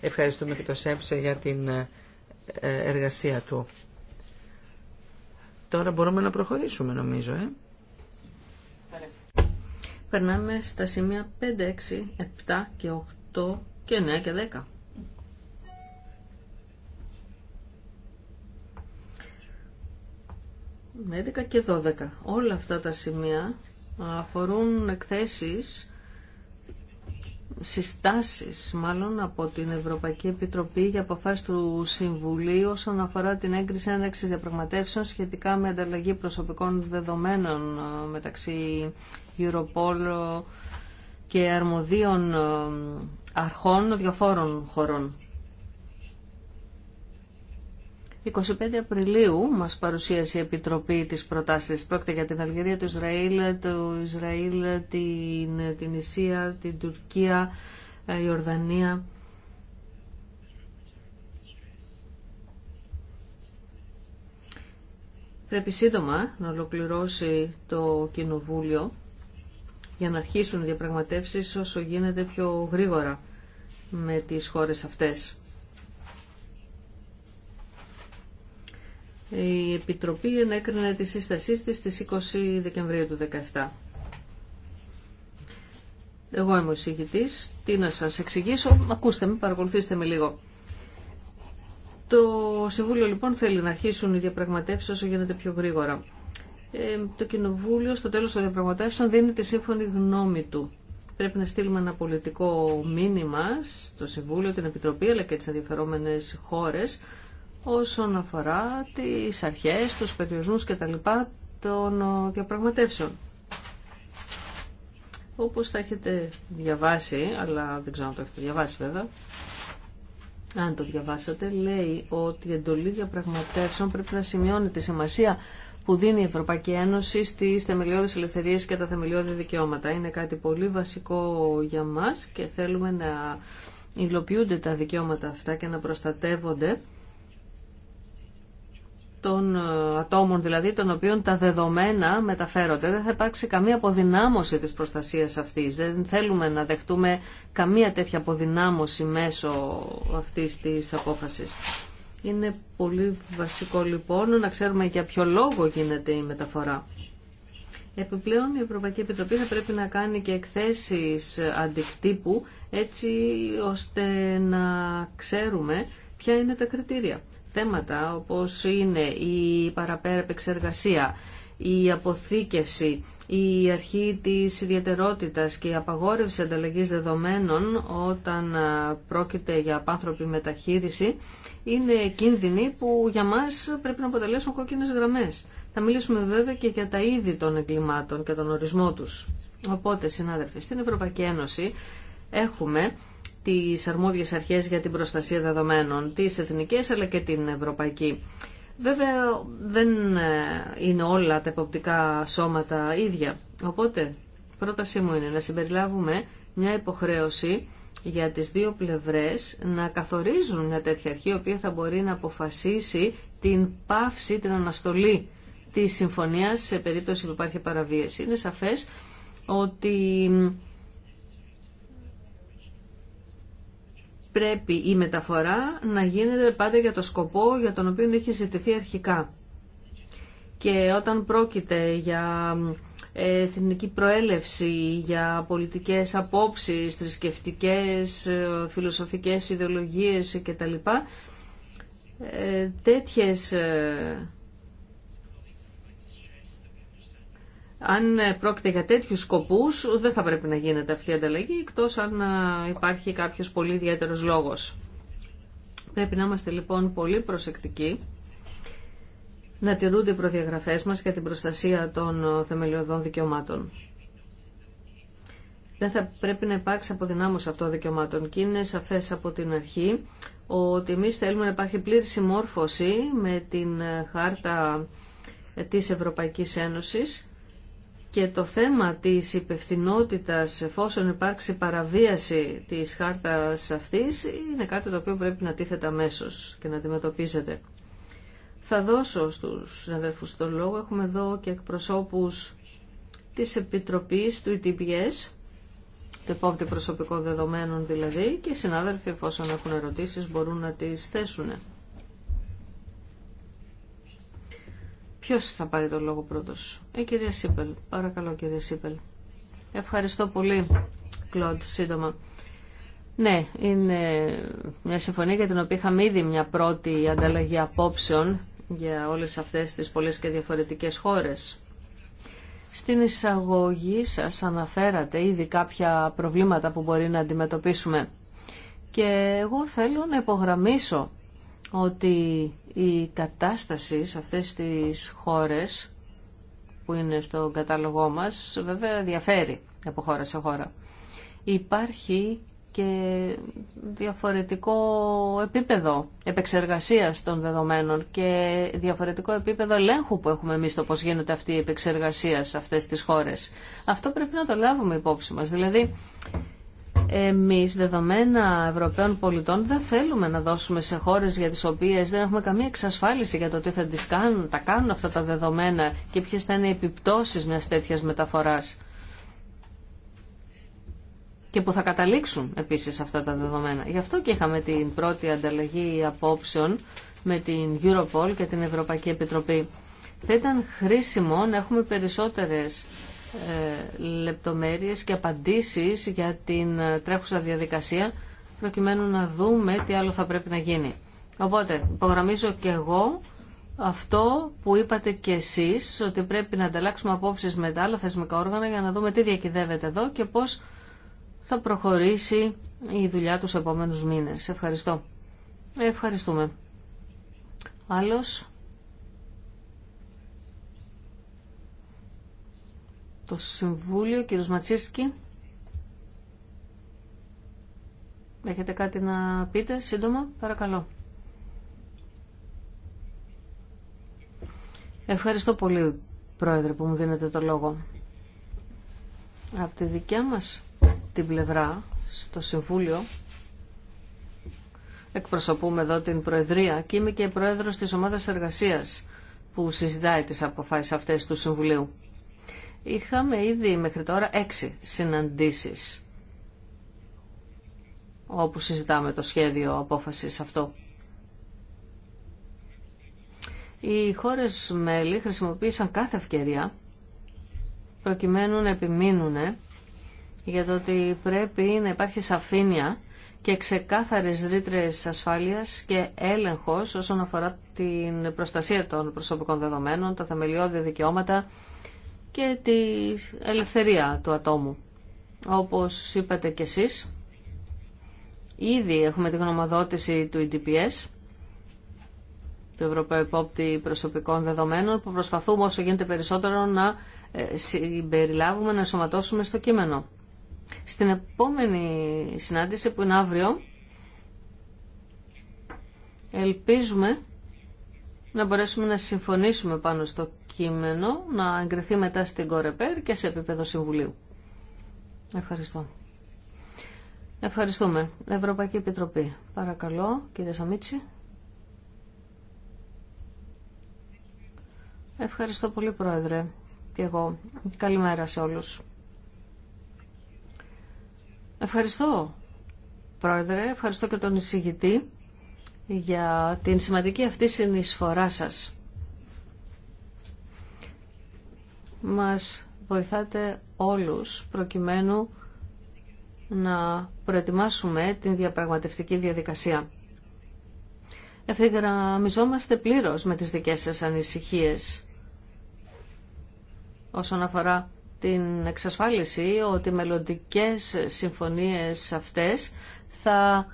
Ευχαριστούμε και το ΣΕΠΣΕ για την ε, εργασία του. Τώρα μπορούμε να προχωρήσουμε νομίζω. Ε. Περνάμε στα σημεία 5, 6, 7 και 8 και 9 και 10. 11 και 12. Όλα αυτά τα σημεία αφορούν εκθέσεις, συστάσεις μάλλον από την Ευρωπαϊκή Επιτροπή για αποφάσεις του Συμβουλίου όσον αφορά την έγκριση έναρξης διαπραγματεύσεων σχετικά με ανταλλαγή προσωπικών δεδομένων ε, μεταξύ Europol και αρμοδίων ε, αρχών διαφόρων χωρών. 25 Απριλίου μας παρουσίασε η Επιτροπή της προτάσει. Πρόκειται για την Αλγερία, το Ισραήλ, το Ισραήλ την, την την Τουρκία, ε, η Ορδανία. Πρέπει σύντομα να ολοκληρώσει το Κοινοβούλιο για να αρχίσουν οι διαπραγματεύσεις όσο γίνεται πιο γρήγορα με τις χώρες αυτές. η Επιτροπή ενέκρινε τη σύστασή της στις 20 Δεκεμβρίου του 2017. Εγώ είμαι ο εισηγητής. Τι να σας εξηγήσω. Ακούστε με, παρακολουθήστε με λίγο. Το Συμβούλιο λοιπόν θέλει να αρχίσουν οι διαπραγματεύσει όσο γίνεται πιο γρήγορα. Ε, το Κοινοβούλιο στο τέλος των διαπραγματεύσεων δίνει τη σύμφωνη γνώμη του. Πρέπει να στείλουμε ένα πολιτικό μήνυμα στο Συμβούλιο, την Επιτροπή αλλά και τις ενδιαφερόμενες χώρες όσον αφορά τις αρχές, τους περιορισμούς και τα λοιπά των ε, διαπραγματεύσεων. Όπως τα έχετε διαβάσει, αλλά δεν ξέρω αν το έχετε διαβάσει βέβαια, αν το διαβάσατε, λέει ότι η εντολή διαπραγματεύσεων πρέπει να σημειώνει τη σημασία που δίνει η Ευρωπαϊκή Ένωση στις θεμελιώδεις ελευθερίες και τα θεμελιώδη δικαιώματα. Είναι κάτι πολύ βασικό για μας και θέλουμε να υλοποιούνται τα δικαιώματα αυτά και να προστατεύονται των ε, ατόμων δηλαδή των οποίων τα δεδομένα μεταφέρονται. Δεν θα υπάρξει καμία αποδυνάμωση της προστασίας αυτής. Δεν θέλουμε να δεχτούμε καμία τέτοια αποδυνάμωση μέσω αυτής της απόφασης. Είναι πολύ βασικό λοιπόν να ξέρουμε για ποιο λόγο γίνεται η μεταφορά. Επιπλέον η Ευρωπαϊκή Επιτροπή θα πρέπει να κάνει και εκθέσεις αντικτύπου έτσι ώστε να ξέρουμε ποια είναι τα κριτήρια θέματα όπως είναι η παραπέρα επεξεργασία, η αποθήκευση, η αρχή της ιδιαιτερότητας και η απαγόρευση ανταλλαγής δεδομένων όταν πρόκειται για απάνθρωπη μεταχείριση είναι κίνδυνοι που για μας πρέπει να αποτελέσουν κόκκινες γραμμές. Θα μιλήσουμε βέβαια και για τα είδη των εγκλημάτων και τον ορισμό τους. Οπότε, συνάδελφοι, στην Ευρωπαϊκή Ένωση έχουμε τις αρμόδιες αρχές για την προστασία δεδομένων, τις εθνικές αλλά και την ευρωπαϊκή. Βέβαια δεν ε, είναι όλα τα εποπτικά σώματα ίδια. Οπότε πρότασή μου είναι να συμπεριλάβουμε μια υποχρέωση για τις δύο πλευρές να καθορίζουν μια τέτοια αρχή η οποία θα μπορεί να αποφασίσει την πάυση, την αναστολή τη συμφωνίας σε περίπτωση που υπάρχει παραβίαση. Είναι σαφές ότι πρέπει η μεταφορά να γίνεται πάντα για το σκοπό για τον οποίο έχει ζητηθεί αρχικά. Και όταν πρόκειται για εθνική προέλευση, για πολιτικές απόψεις, θρησκευτικέ, ε, φιλοσοφικές ιδεολογίες κτλ. Ε, τέτοιες ε, Αν πρόκειται για τέτοιου σκοπού, δεν θα πρέπει να γίνεται αυτή η ανταλλαγή, εκτό αν υπάρχει κάποιο πολύ ιδιαίτερο λόγο. Πρέπει να είμαστε λοιπόν πολύ προσεκτικοί να τηρούνται οι προδιαγραφές μας για την προστασία των θεμελιωδών δικαιωμάτων. Δεν θα πρέπει να υπάρξει αποδυνάμωση αυτών δικαιωμάτων και είναι σαφές από την αρχή ότι εμεί θέλουμε να υπάρχει πλήρη συμμόρφωση με την χάρτα της Ευρωπαϊκής Ένωσης και το θέμα της υπευθυνότητας εφόσον υπάρξει παραβίαση της χάρτας αυτής είναι κάτι το οποίο πρέπει να τίθεται αμέσω και να αντιμετωπίζεται. Θα δώσω στους συναδελφούς τον λόγο. Έχουμε εδώ και εκπροσώπους της Επιτροπής του ETPS, το επόπτη προσωπικών δεδομένων δηλαδή, και οι συνάδελφοι εφόσον έχουν ερωτήσεις μπορούν να τις θέσουν. Ποιο θα πάρει το λόγο πρώτο. Ε, η κυρία Σίπελ. Παρακαλώ κυρία Σίπελ. Ευχαριστώ πολύ, Κλοντ, σύντομα. Ναι, είναι μια συμφωνία για την οποία είχαμε ήδη μια πρώτη ανταλλαγή απόψεων για όλες αυτές τις πολλές και διαφορετικές χώρες. Στην εισαγωγή σας αναφέρατε ήδη κάποια προβλήματα που μπορεί να αντιμετωπίσουμε. Και εγώ θέλω να υπογραμμίσω ότι η κατάσταση σε αυτές τις χώρες που είναι στο κατάλογό μας βέβαια διαφέρει από χώρα σε χώρα. Υπάρχει και διαφορετικό επίπεδο επεξεργασίας των δεδομένων και διαφορετικό επίπεδο ελέγχου που έχουμε εμείς το πώς γίνεται αυτή η επεξεργασία σε αυτές τις χώρες. Αυτό πρέπει να το λάβουμε υπόψη μας. Δηλαδή εμείς δεδομένα Ευρωπαίων πολιτών δεν θέλουμε να δώσουμε σε χώρες για τις οποίες δεν έχουμε καμία εξασφάλιση για το τι θα τις κάνουν, τα κάνουν αυτά τα δεδομένα και ποιες θα είναι οι επιπτώσεις μιας τέτοιας μεταφοράς και που θα καταλήξουν επίσης αυτά τα δεδομένα. Γι' αυτό και είχαμε την πρώτη ανταλλαγή απόψεων με την Europol και την Ευρωπαϊκή Επιτροπή. Θα ήταν χρήσιμο να έχουμε περισσότερες ε, λεπτομέρειες και απαντήσεις για την ε, τρέχουσα διαδικασία προκειμένου να δούμε τι άλλο θα πρέπει να γίνει. Οπότε, υπογραμμίζω και εγώ αυτό που είπατε και εσείς, ότι πρέπει να ανταλλάξουμε απόψεις με τα άλλα θεσμικά όργανα για να δούμε τι διακυδεύεται εδώ και πώς θα προχωρήσει η δουλειά τους επόμενους μήνες. Ευχαριστώ. Ευχαριστούμε. Άλλος. το Συμβούλιο, κύριος Ματσίσκη. Έχετε κάτι να πείτε σύντομα, παρακαλώ. Ευχαριστώ πολύ, Πρόεδρε, που μου δίνετε το λόγο. Από τη δικιά μας την πλευρά, στο Συμβούλιο, εκπροσωπούμε εδώ την Προεδρία και είμαι και Πρόεδρος της Ομάδας Εργασίας που συζητάει τις αποφάσεις αυτές του Συμβουλίου. Είχαμε ήδη μέχρι τώρα έξι συναντήσεις όπου συζητάμε το σχέδιο απόφασης αυτό. Οι χώρες μέλη χρησιμοποίησαν κάθε ευκαιρία προκειμένου να επιμείνουν για το ότι πρέπει να υπάρχει σαφήνεια και ξεκάθαρες ρήτρες ασφάλειας και έλεγχος όσον αφορά την προστασία των προσωπικών δεδομένων, τα θεμελιώδη δικαιώματα, και τη ελευθερία του ατόμου. Όπως είπατε κι εσείς, ήδη έχουμε τη γνωμοδότηση του EDPS, του Ευρωπαϊκού Επόπτη Προσωπικών Δεδομένων, που προσπαθούμε όσο γίνεται περισσότερο να ε, συμπεριλάβουμε, να σωματώσουμε στο κείμενο. Στην επόμενη συνάντηση που είναι αύριο, ελπίζουμε να μπορέσουμε να συμφωνήσουμε πάνω στο κείμενο να εγκριθεί μετά στην Κορεπέρ και σε επίπεδο Συμβουλίου. Ευχαριστώ. Ευχαριστούμε. Ευρωπαϊκή Επιτροπή. Παρακαλώ, κύριε Σαμίτση. Ευχαριστώ πολύ, Πρόεδρε. Και εγώ. Καλημέρα σε όλους. Ευχαριστώ, Πρόεδρε. Ευχαριστώ και τον εισηγητή για την σημαντική αυτή συνεισφορά σας. μας βοηθάτε όλους προκειμένου να προετοιμάσουμε την διαπραγματευτική διαδικασία. Ευθυγραμμιζόμαστε πλήρως με τις δικές σας ανησυχίες όσον αφορά την εξασφάλιση ότι οι μελλοντικές συμφωνίες αυτές θα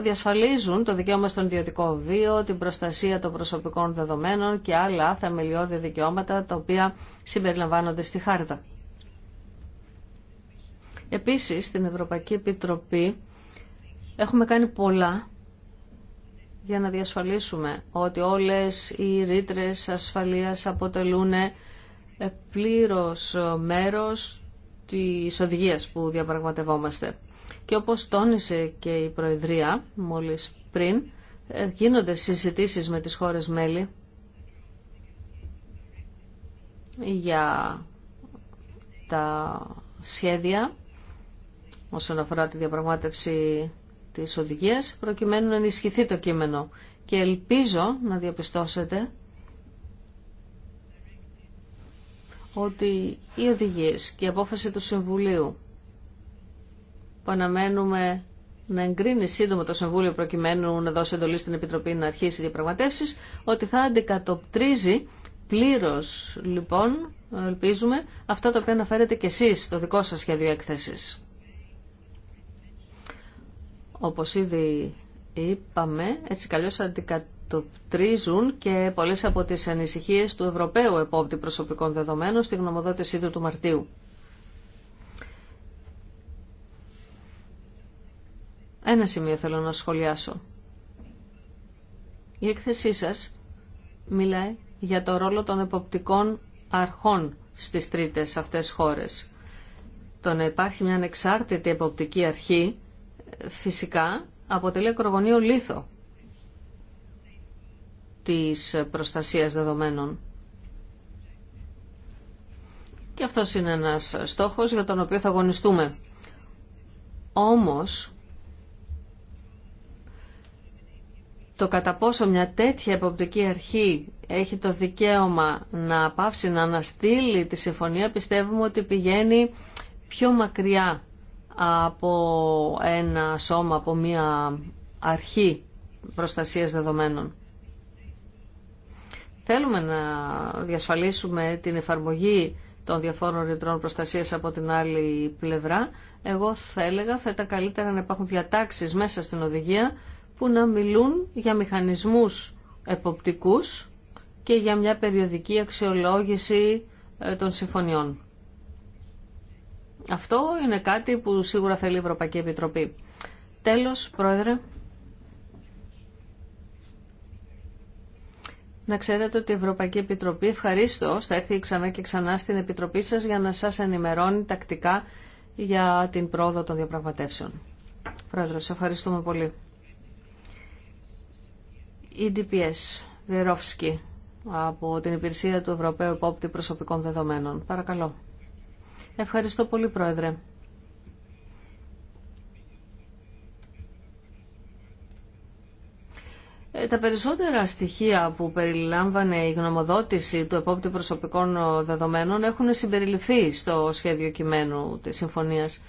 διασφαλίζουν το δικαίωμα στον ιδιωτικό βίο, την προστασία των προσωπικών δεδομένων και άλλα θεμελιώδη δικαιώματα τα οποία συμπεριλαμβάνονται στη χάρτα. Επίσης, στην Ευρωπαϊκή Επιτροπή έχουμε κάνει πολλά για να διασφαλίσουμε ότι όλες οι ρήτρε ασφαλείας αποτελούν πλήρως μέρος της οδηγίας που διαπραγματευόμαστε. Και όπως τόνισε και η Προεδρία μόλις πριν, ε, γίνονται συζητήσεις με τις χώρες μέλη για τα σχέδια όσον αφορά τη διαπραγμάτευση της οδηγίας προκειμένου να ενισχυθεί το κείμενο και ελπίζω να διαπιστώσετε ότι οι οδηγίες και η απόφαση του Συμβουλίου που αναμένουμε να εγκρίνει σύντομα το Συμβούλιο προκειμένου να δώσει εντολή στην Επιτροπή να αρχίσει διαπραγματεύσεις, ότι θα αντικατοπτρίζει πλήρως λοιπόν, ελπίζουμε, αυτά τα οποία αναφέρετε και εσείς στο δικό σας σχέδιο έκθεσης. Όπως ήδη είπαμε, έτσι καλώς αντικατοπτρίζουν και πολλές από τις ανησυχίες του Ευρωπαίου Επόπτη Προσωπικών Δεδομένων στη γνωμοδότησή του του Μαρτίου. Ένα σημείο θέλω να σχολιάσω. Η έκθεσή σας μιλάει για το ρόλο των εποπτικών αρχών στις τρίτες αυτές χώρες. Το να υπάρχει μια ανεξάρτητη εποπτική αρχή φυσικά αποτελεί ακρογωνίο λίθο της προστασίας δεδομένων. Και αυτός είναι ένας στόχος για τον οποίο θα αγωνιστούμε. Όμως, το κατά πόσο μια τέτοια εποπτική αρχή έχει το δικαίωμα να πάψει να αναστείλει τη συμφωνία πιστεύουμε ότι πηγαίνει πιο μακριά από ένα σώμα, από μια αρχή προστασίας δεδομένων. Θέλουμε να διασφαλίσουμε την εφαρμογή των διαφόρων ρητρών προστασίας από την άλλη πλευρά. Εγώ θα έλεγα θα ήταν καλύτερα να υπάρχουν διατάξεις μέσα στην οδηγία που να μιλούν για μηχανισμούς εποπτικούς και για μια περιοδική αξιολόγηση ε, των συμφωνιών. Αυτό είναι κάτι που σίγουρα θέλει η Ευρωπαϊκή Επιτροπή. Τέλος, Πρόεδρε, να ξέρετε ότι η Ευρωπαϊκή Επιτροπή ευχαρίστω θα έρθει ξανά και ξανά στην Επιτροπή σας για να σας ενημερώνει τακτικά για την πρόοδο των διαπραγματεύσεων. Πρόεδρε, σας ευχαριστούμε πολύ. EDPS, Δερόφσκι, από την Υπηρεσία του Ευρωπαίου Επόπτη Προσωπικών Δεδομένων. Παρακαλώ. Ευχαριστώ πολύ, Πρόεδρε. Ε, τα περισσότερα στοιχεία που περιλάμβανε η γνωμοδότηση του επόπτη προσωπικών δεδομένων έχουν συμπεριληφθεί στο σχέδιο κειμένου της συμφωνίας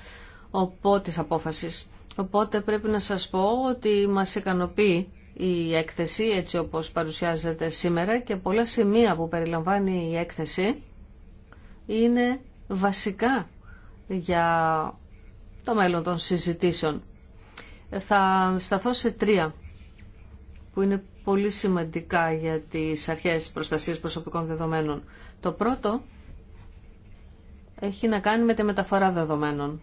οπό, της απόφασης. Οπότε πρέπει να σας πω ότι μας ικανοποιεί η έκθεση έτσι όπως παρουσιάζεται σήμερα και πολλά σημεία που περιλαμβάνει η έκθεση είναι βασικά για το μέλλον των συζητήσεων. Θα σταθώ σε τρία που είναι πολύ σημαντικά για τις αρχές προστασίας προσωπικών δεδομένων. Το πρώτο έχει να κάνει με τη μεταφορά δεδομένων.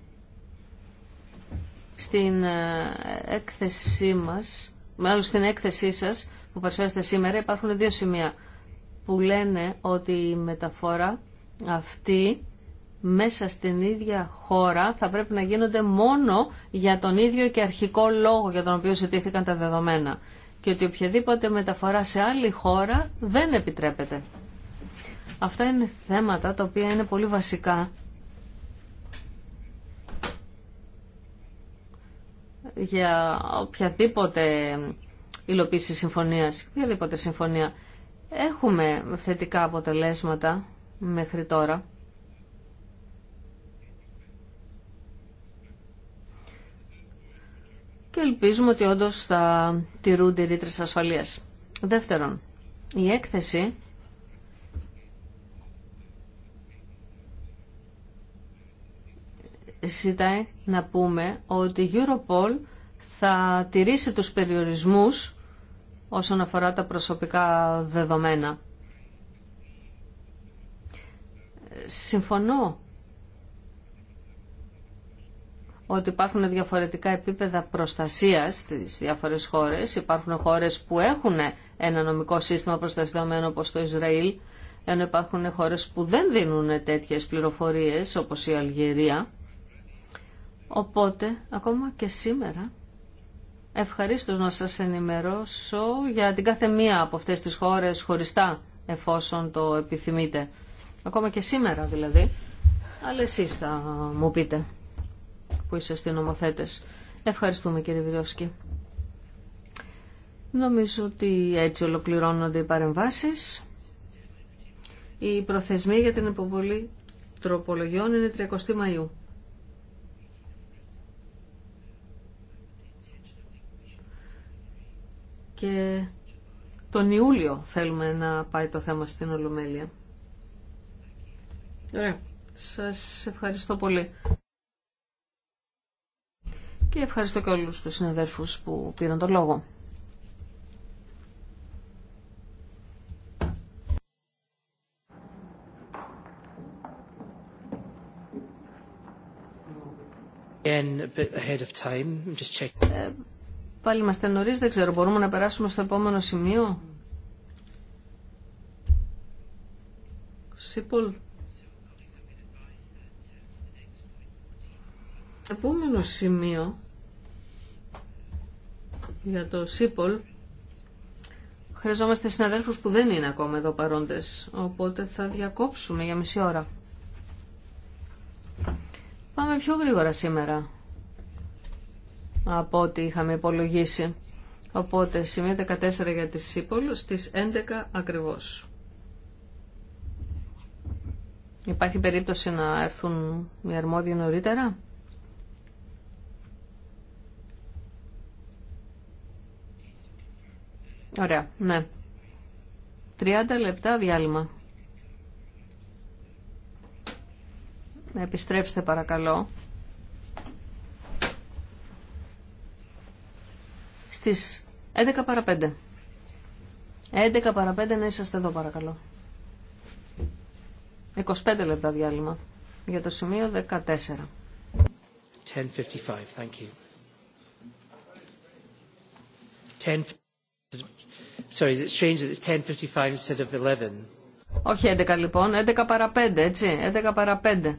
Στην ε, έκθεσή μας Μάλλον στην έκθεσή σας που παρουσιάζετε σήμερα υπάρχουν δύο σημεία που λένε ότι η μεταφορά αυτή μέσα στην ίδια χώρα θα πρέπει να γίνονται μόνο για τον ίδιο και αρχικό λόγο για τον οποίο ζητήθηκαν τα δεδομένα και ότι οποιαδήποτε μεταφορά σε άλλη χώρα δεν επιτρέπεται. Αυτά είναι θέματα τα οποία είναι πολύ βασικά για οποιαδήποτε υλοποίηση συμφωνίας, οποιαδήποτε συμφωνία. Έχουμε θετικά αποτελέσματα μέχρι τώρα. Και ελπίζουμε ότι όντως θα τηρούνται οι ρήτρες ασφαλείας. Δεύτερον, η έκθεση ζητάει να πούμε ότι η Europol θα τηρήσει τους περιορισμούς όσον αφορά τα προσωπικά δεδομένα. Συμφωνώ ότι υπάρχουν διαφορετικά επίπεδα προστασίας στις διάφορες χώρες. Υπάρχουν χώρες που έχουν ένα νομικό σύστημα προστασιαμένο όπως το Ισραήλ, ενώ υπάρχουν χώρες που δεν δίνουν τέτοιες πληροφορίες όπως η Αλγερία. Οπότε, ακόμα και σήμερα, ευχαρίστως να σας ενημερώσω για την κάθε μία από αυτές τις χώρες χωριστά, εφόσον το επιθυμείτε. Ακόμα και σήμερα δηλαδή, αλλά εσείς θα μου πείτε που είσαστε νομοθέτες. Ευχαριστούμε κύριε Βιριόσκη. Νομίζω ότι έτσι ολοκληρώνονται οι παρεμβάσεις. Η προθεσμοί για την υποβολή τροπολογιών είναι 30 Μαΐου. και τον Ιούλιο θέλουμε να πάει το θέμα στην Ολομέλεια. Ωραία. Σας ευχαριστώ πολύ. Και ευχαριστώ και όλους τους συναδέρφους που πήραν τον λόγο. Πάλι είμαστε νωρίς, δεν ξέρω, μπορούμε να περάσουμε στο επόμενο σημείο. Σίπολ. Επόμενο σημείο για το Σίπολ. χρειαζόμαστε συναδέλφους που δεν είναι ακόμα εδώ παρόντες, οπότε θα διακόψουμε για μισή ώρα. Πάμε πιο γρήγορα σήμερα από ό,τι είχαμε υπολογίσει. Οπότε σημείο 14 για τη ΣΥΠΟΛ στις 11 ακριβώς. Υπάρχει περίπτωση να έρθουν οι αρμόδιοι νωρίτερα. Ωραία, ναι. 30 λεπτά διάλειμμα. Επιστρέψτε παρακαλώ. στις 11 παρα 5. 11 παρα 5 να είσαστε εδώ παρακαλώ. 25 λεπτά διάλειμμα για το σημείο 14. 10.55, thank you. 10... Sorry, is it strange that it's 10.55 instead of 11? Όχι 11 λοιπόν, 11 παρα 5, έτσι, 11 παρα 5.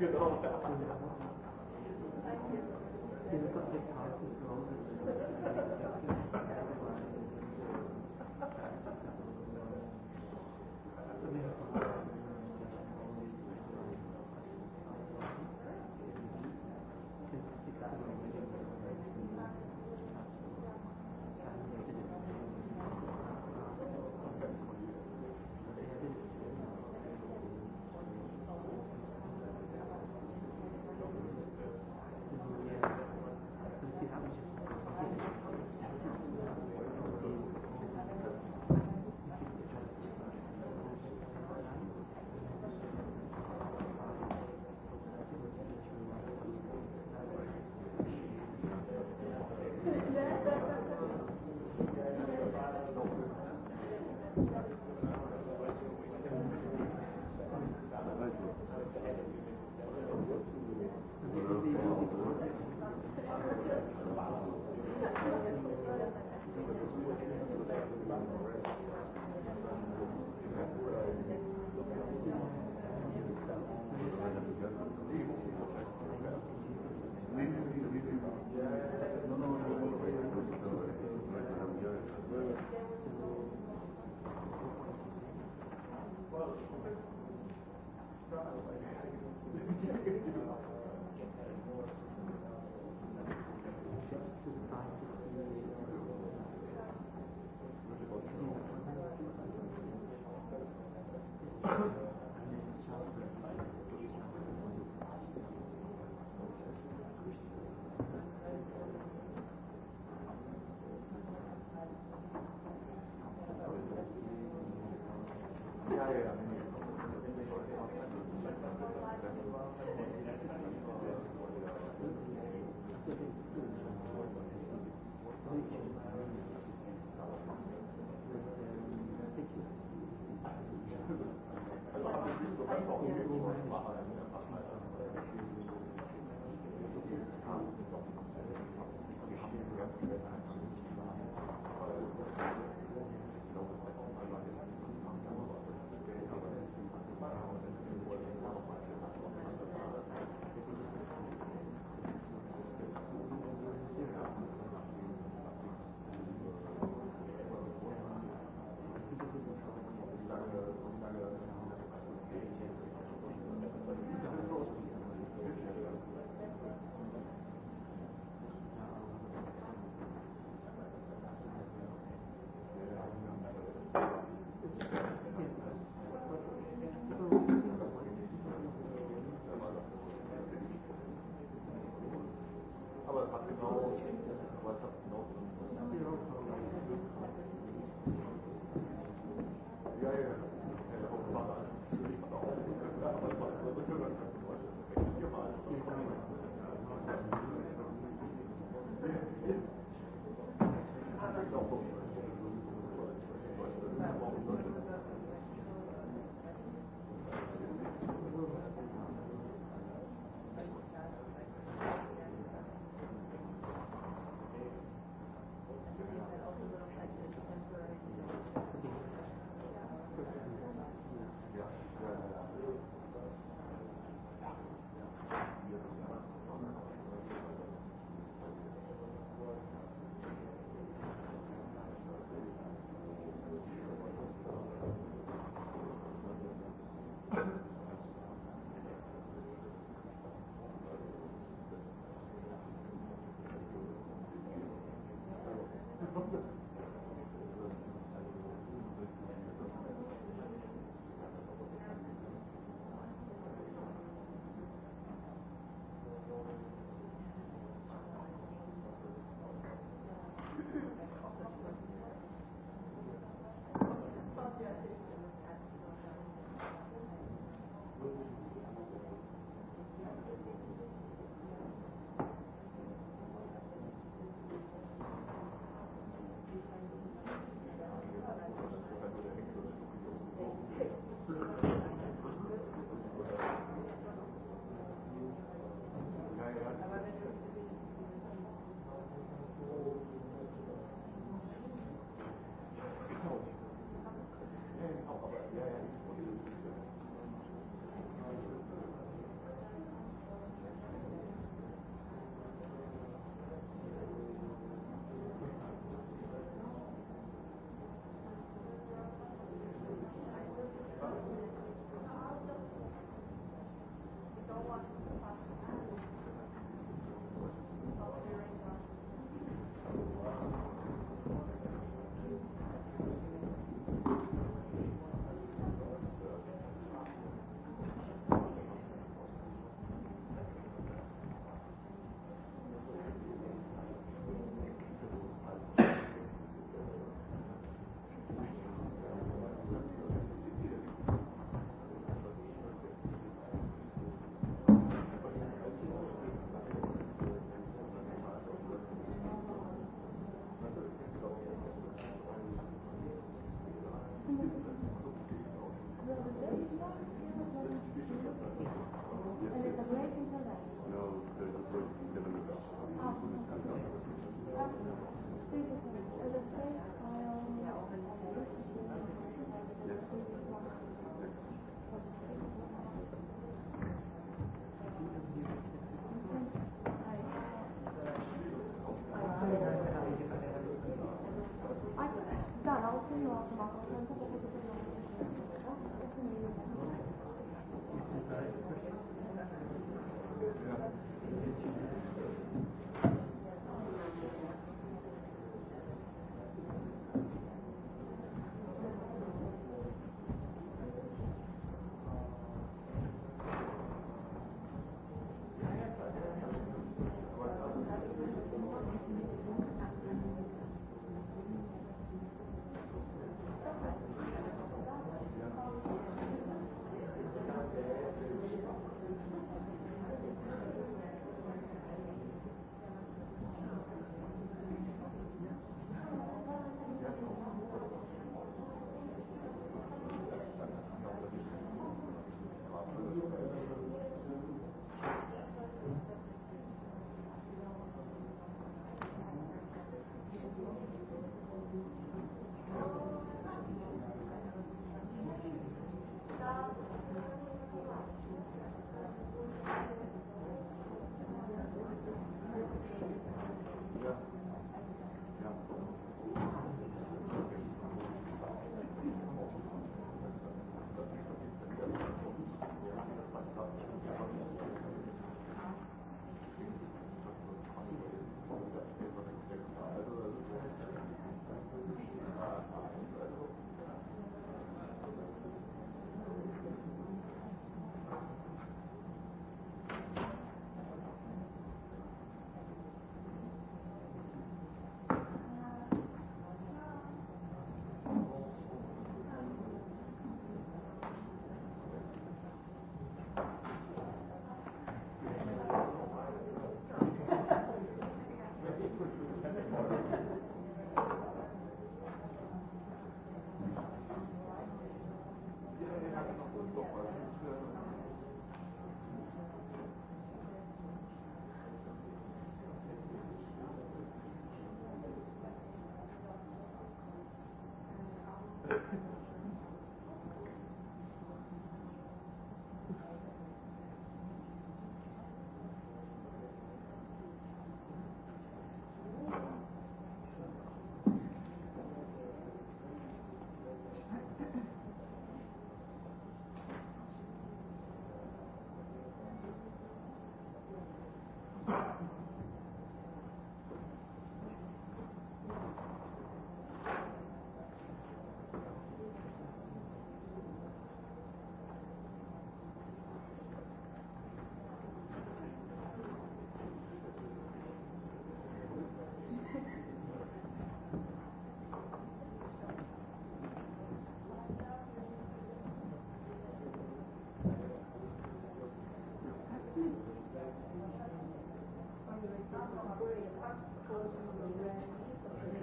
κάποιο δρόμο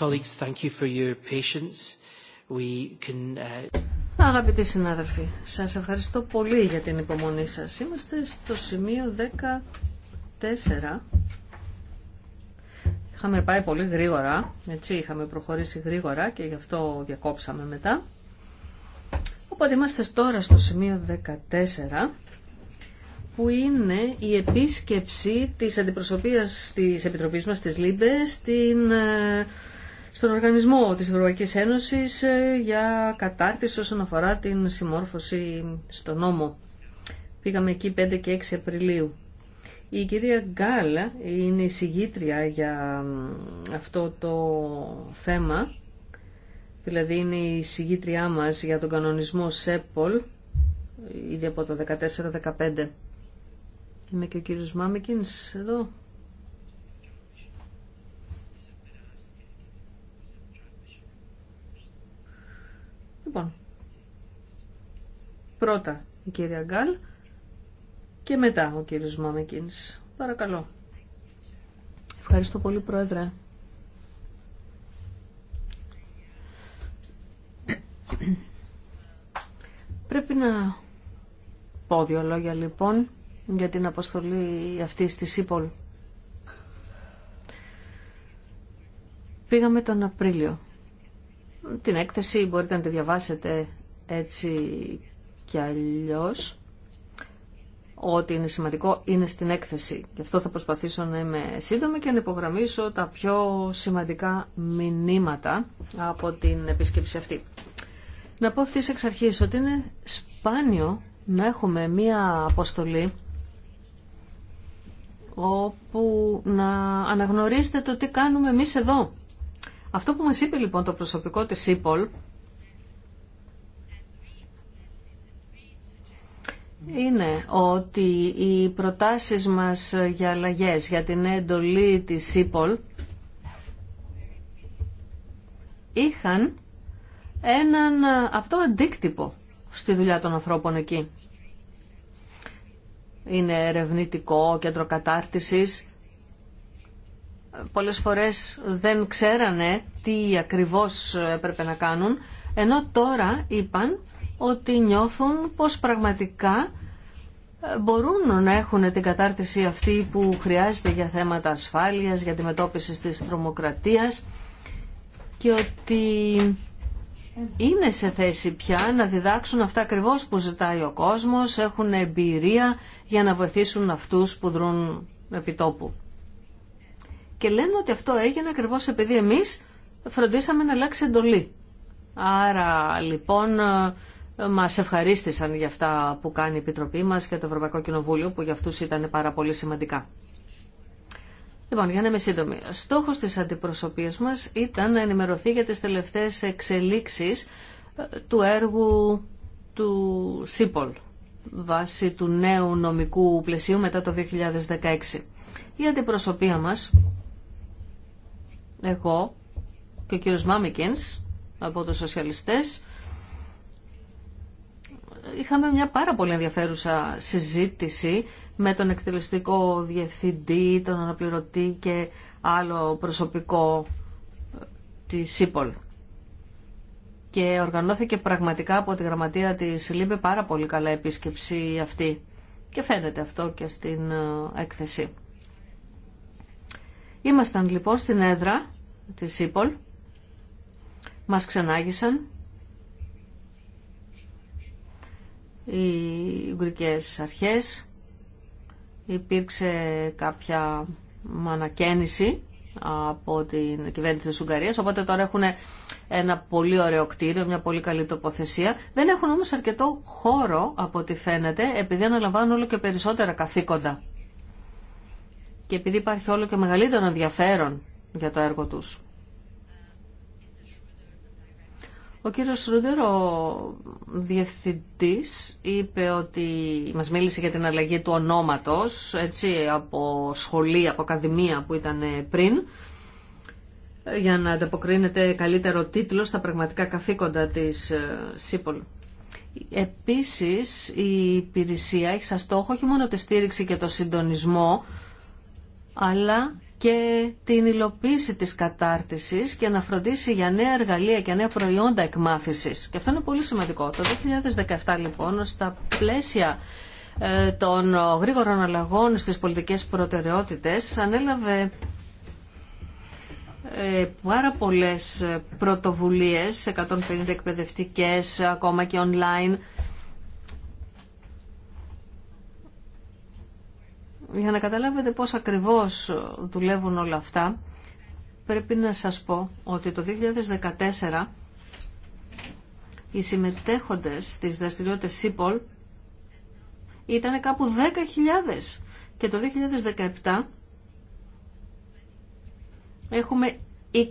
Colleagues, thank you for your patience. We can... Uh, Αγαπητοί συνάδελφοι, σας ευχαριστώ πολύ για την υπομονή σας. Είμαστε στο σημείο 14. Είχαμε πάει πολύ γρήγορα, έτσι, είχαμε προχωρήσει γρήγορα και γι' αυτό διακόψαμε μετά. Οπότε είμαστε τώρα στο σημείο 14 που είναι η επίσκεψη της αντιπροσωπείας της Επιτροπής μας της ΛΥΜΠΕ στην ε, στον Οργανισμό της Ευρωπαϊκής Ένωσης ε, για κατάρτιση όσον αφορά την συμμόρφωση στον νόμο. Πήγαμε εκεί 5 και 6 Απριλίου. Η κυρία Γκάλ είναι η συγγήτρια για αυτό το θέμα, δηλαδή είναι η συγγήτριά μας για τον κανονισμό ΣΕΠΟΛ, ήδη από το 14-15. Είναι και ο κύριος Μάμικινς εδώ. Πρώτα η κυρία Γκάλ και μετά ο κύριος Μάμεκίνς. Παρακαλώ. Ευχαριστώ πολύ Πρόεδρε. Πρέπει να πω δύο λόγια λοιπόν για την αποστολή αυτή στη ΣΥΠΟΛ. Πήγαμε τον Απρίλιο. Την έκθεση μπορείτε να τη διαβάσετε έτσι και αλλιώς ό,τι είναι σημαντικό είναι στην έκθεση. Γι' αυτό θα προσπαθήσω να είμαι σύντομη και να υπογραμμίσω τα πιο σημαντικά μηνύματα από την επίσκεψη αυτή. Να πω αυτής εξ αρχής ότι είναι σπάνιο να έχουμε μία αποστολή όπου να αναγνωρίζετε το τι κάνουμε εμείς εδώ. Αυτό που μας είπε λοιπόν το προσωπικό της ΥΠΟΛ είναι ότι οι προτάσεις μας για αλλαγές, για την εντολή της ΣΥΠΟΛ είχαν έναν ε, αυτό αντίκτυπο στη δουλειά των ανθρώπων εκεί. Είναι ερευνητικό κέντρο κατάρτισης. Πολλές φορές δεν ξέρανε τι ακριβώς έπρεπε να κάνουν, ενώ τώρα είπαν ότι νιώθουν πως πραγματικά ε, μπορούν να έχουν την κατάρτιση αυτή που χρειάζεται για θέματα ασφάλειας, για τη μετώπιση της τρομοκρατίας και ότι είναι σε θέση πια να διδάξουν αυτά ακριβώ που ζητάει ο κόσμος, έχουν εμπειρία για να βοηθήσουν αυτούς που δρούν επιτόπου. Και λένε ότι αυτό έγινε ακριβώς επειδή εμείς φροντίσαμε να αλλάξει εντολή. Άρα λοιπόν μα ευχαρίστησαν για αυτά που κάνει η Επιτροπή μας και το Ευρωπαϊκό Κοινοβούλιο που για αυτούς ήταν πάρα πολύ σημαντικά. Λοιπόν, για να είμαι σύντομη. Στόχος της αντιπροσωπείας μας ήταν να ενημερωθεί για τις τελευταίες εξελίξεις ε, του έργου του ΣΥΠΟΛ βάσει του νέου νομικού πλαισίου μετά το 2016. Η αντιπροσωπεία μας, εγώ και ο κύριος Μάμικινς από τους σοσιαλιστές, είχαμε μια πάρα πολύ ενδιαφέρουσα συζήτηση με τον εκτελεστικό διευθυντή, τον αναπληρωτή και άλλο προσωπικό ε, της ΣΥΠΟΛ. Και οργανώθηκε πραγματικά από τη γραμματεία της ΛΥΜΠΕ πάρα πολύ καλά επίσκεψη αυτή. Και φαίνεται αυτό και στην ε, έκθεση. Ήμασταν λοιπόν στην έδρα της ΣΥΠΟΛ. Μας ξενάγησαν οι γκρικές αρχές υπήρξε κάποια ανακαίνιση από την κυβέρνηση της Ουγγαρίας οπότε τώρα έχουν ένα πολύ ωραίο κτίριο, μια πολύ καλή τοποθεσία δεν έχουν όμως αρκετό χώρο από ό,τι φαίνεται επειδή αναλαμβάνουν όλο και περισσότερα καθήκοντα και επειδή υπάρχει όλο και μεγαλύτερο ενδιαφέρον για το έργο τους. Ο κύριος Ρούντερ, ο διευθυντής, είπε ότι μας μίλησε για την αλλαγή του ονόματος, έτσι, από σχολή, από ακαδημία που ήταν πριν, για να ανταποκρίνεται καλύτερο τίτλο στα πραγματικά καθήκοντα της ε, ΣΥΠΟΛ. Επίσης, η υπηρεσία έχει σαν στόχο όχι μόνο τη στήριξη και το συντονισμό, αλλά και την υλοποίηση της κατάρτισης και να φροντίσει για νέα εργαλεία και νέα προϊόντα εκμάθησης. Και αυτό είναι πολύ σημαντικό. Το 2017 λοιπόν στα πλαίσια ε, των γρήγορων αλλαγών στις πολιτικές προτεραιότητες ανέλαβε ε, πάρα πολλές πρωτοβουλίες, 150 εκπαιδευτικές, ακόμα και online, Για να καταλάβετε πώς ακριβώς δουλεύουν όλα αυτά, πρέπει να σας πω ότι το 2014 οι συμμετέχοντες στις δραστηριότητες ΣΥΠΟΛ ήταν κάπου 10.000 και το 2017 έχουμε 23.700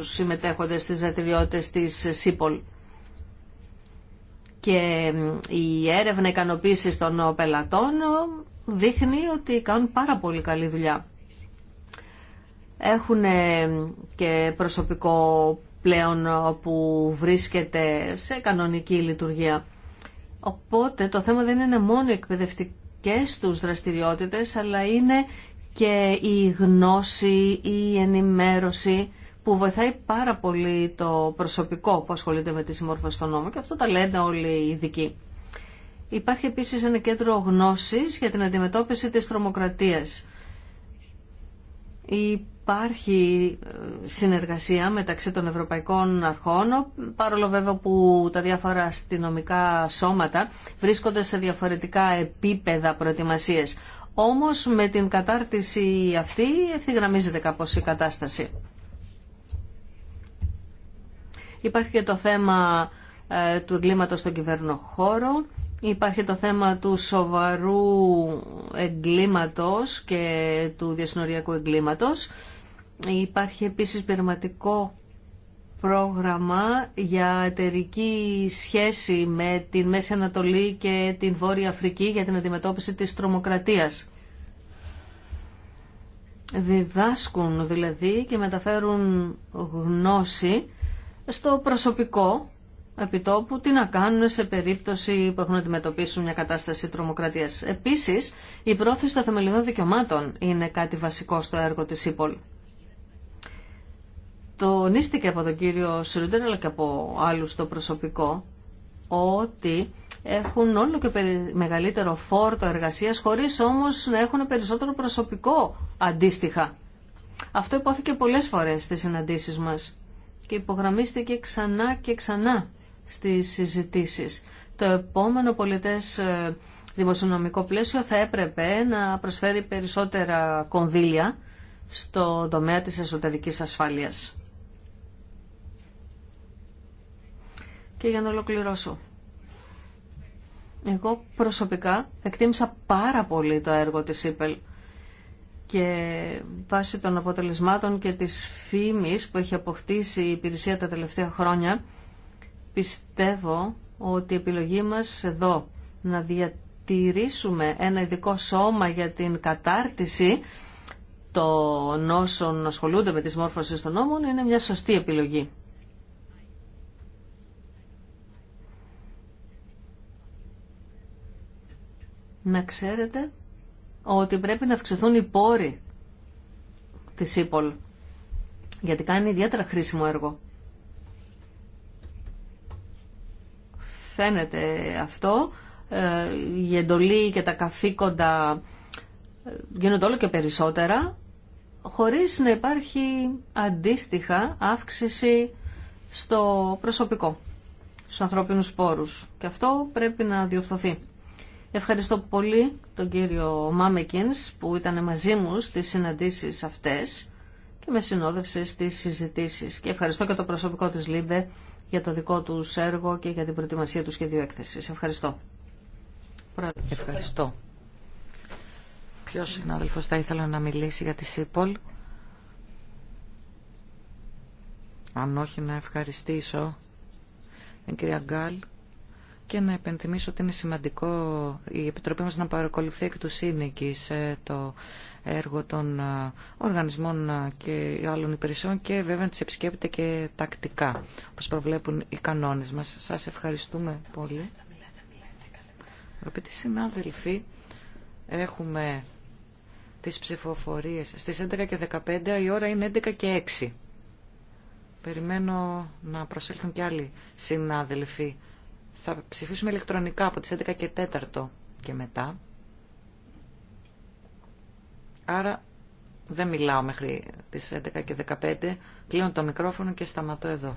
συμμετέχοντες στις δραστηριότητες της ΣΥΠΟΛ και η έρευνα ικανοποίηση των πελατών δείχνει ότι κάνουν πάρα πολύ καλή δουλειά. Έχουν και προσωπικό πλέον που βρίσκεται σε κανονική λειτουργία. Οπότε το θέμα δεν είναι μόνο οι εκπαιδευτικές τους δραστηριότητες, αλλά είναι και η γνώση, η ενημέρωση που βοηθάει πάρα πολύ το προσωπικό που ασχολείται με τη συμμόρφωση των νόμων και αυτό τα λένε όλοι οι ειδικοί. Υπάρχει επίσης ένα κέντρο γνώσης για την αντιμετώπιση της τρομοκρατίας. Υπάρχει ε, συνεργασία μεταξύ των ευρωπαϊκών αρχών, παρόλο βέβαια που τα διάφορα αστυνομικά σώματα βρίσκονται σε διαφορετικά επίπεδα προετοιμασίες. Όμως με την κατάρτιση αυτή ευθυγραμμίζεται κάπως η κατάσταση. Υπάρχει και το θέμα ε, του εγκλήματος στον κυβερνοχώρο. Υπάρχει το θέμα του σοβαρού εγκλήματος και του διασυνοριακού εγκλήματος. Υπάρχει επίσης πειραματικό πρόγραμμα για εταιρική σχέση με την Μέση Ανατολή και την Βόρεια Αφρική για την αντιμετώπιση της τρομοκρατίας. Διδάσκουν δηλαδή και μεταφέρουν γνώση στο προσωπικό επιτόπου τι να κάνουν σε περίπτωση που έχουν να αντιμετωπίσουν μια κατάσταση τρομοκρατίας. Επίσης, η πρόθεση των θεμελιωδών δικαιωμάτων είναι κάτι βασικό στο έργο της ΥΠΟΛ. Τονίστηκε από τον κύριο Σιρούντερ αλλά και από άλλους στο προσωπικό ότι έχουν όλο και μεγαλύτερο φόρτο εργασίας χωρίς όμως να έχουν περισσότερο προσωπικό αντίστοιχα. Αυτό υπόθηκε πολλές φορές στις συναντήσεις μας και υπογραμμίστηκε ξανά και ξανά στις συζητήσεις. Το επόμενο πολιτές ε, δημοσιονομικό πλαίσιο θα έπρεπε να προσφέρει περισσότερα κονδύλια στο τομέα της εσωτερικής ασφάλειας. Και για να ολοκληρώσω. Εγώ προσωπικά εκτίμησα πάρα πολύ το έργο της ΥΠΕΛ και βάσει των αποτελεσμάτων και της φήμης που έχει αποκτήσει η υπηρεσία τα τελευταία χρόνια πιστεύω ότι η επιλογή μας εδώ να διατηρήσουμε ένα ειδικό σώμα για την κατάρτιση των όσων ασχολούνται με τις μόρφωσεις των νόμων είναι μια σωστή επιλογή. Να ξέρετε ότι πρέπει να αυξηθούν οι πόροι της ΣΥΠΟΛ, γιατί κάνει ιδιαίτερα χρήσιμο έργο. Φαίνεται αυτό, ε, η εντολή και τα καθήκοντα ε, γίνονται όλο και περισσότερα, χωρίς να υπάρχει αντίστοιχα αύξηση στο προσωπικό, στους ανθρώπινους πόρους. Και αυτό πρέπει να διορθωθεί. Ευχαριστώ πολύ τον κύριο Μάμεκινς που ήταν μαζί μου στις συναντήσεις αυτές και με συνόδευσε στις συζητήσεις. Και ευχαριστώ και το προσωπικό της Λίμπε για το δικό του έργο και για την προετοιμασία του σχεδίου έκθεσης. Ευχαριστώ. Ευχαριστώ. Ποιο συνάδελφος θα ήθελε να μιλήσει για τη ΣΥΠΟΛ. Αν όχι να ευχαριστήσω την κυρία Γκάλ και να επενθυμίσω ότι είναι σημαντικό η Επιτροπή μας να παρακολουθεί εκ του σύνεκη σε το έργο των ε, οργανισμών ε, και άλλων υπηρεσιών και βέβαια να τις επισκέπτεται και τακτικά, όπως προβλέπουν οι κανόνες μας. Σας ευχαριστούμε πολύ. Αγαπητοί συνάδελφοι, έχουμε τις ψηφοφορίες στις 11 και 15, η ώρα είναι 11 και 6. Περιμένω να προσέλθουν και άλλοι συνάδελφοι. Θα ψηφίσουμε ηλεκτρονικά από τις 11 και 4 και μετά. Άρα δεν μιλάω μέχρι τις 11 και 15. Κλείνω το μικρόφωνο και σταματώ εδώ.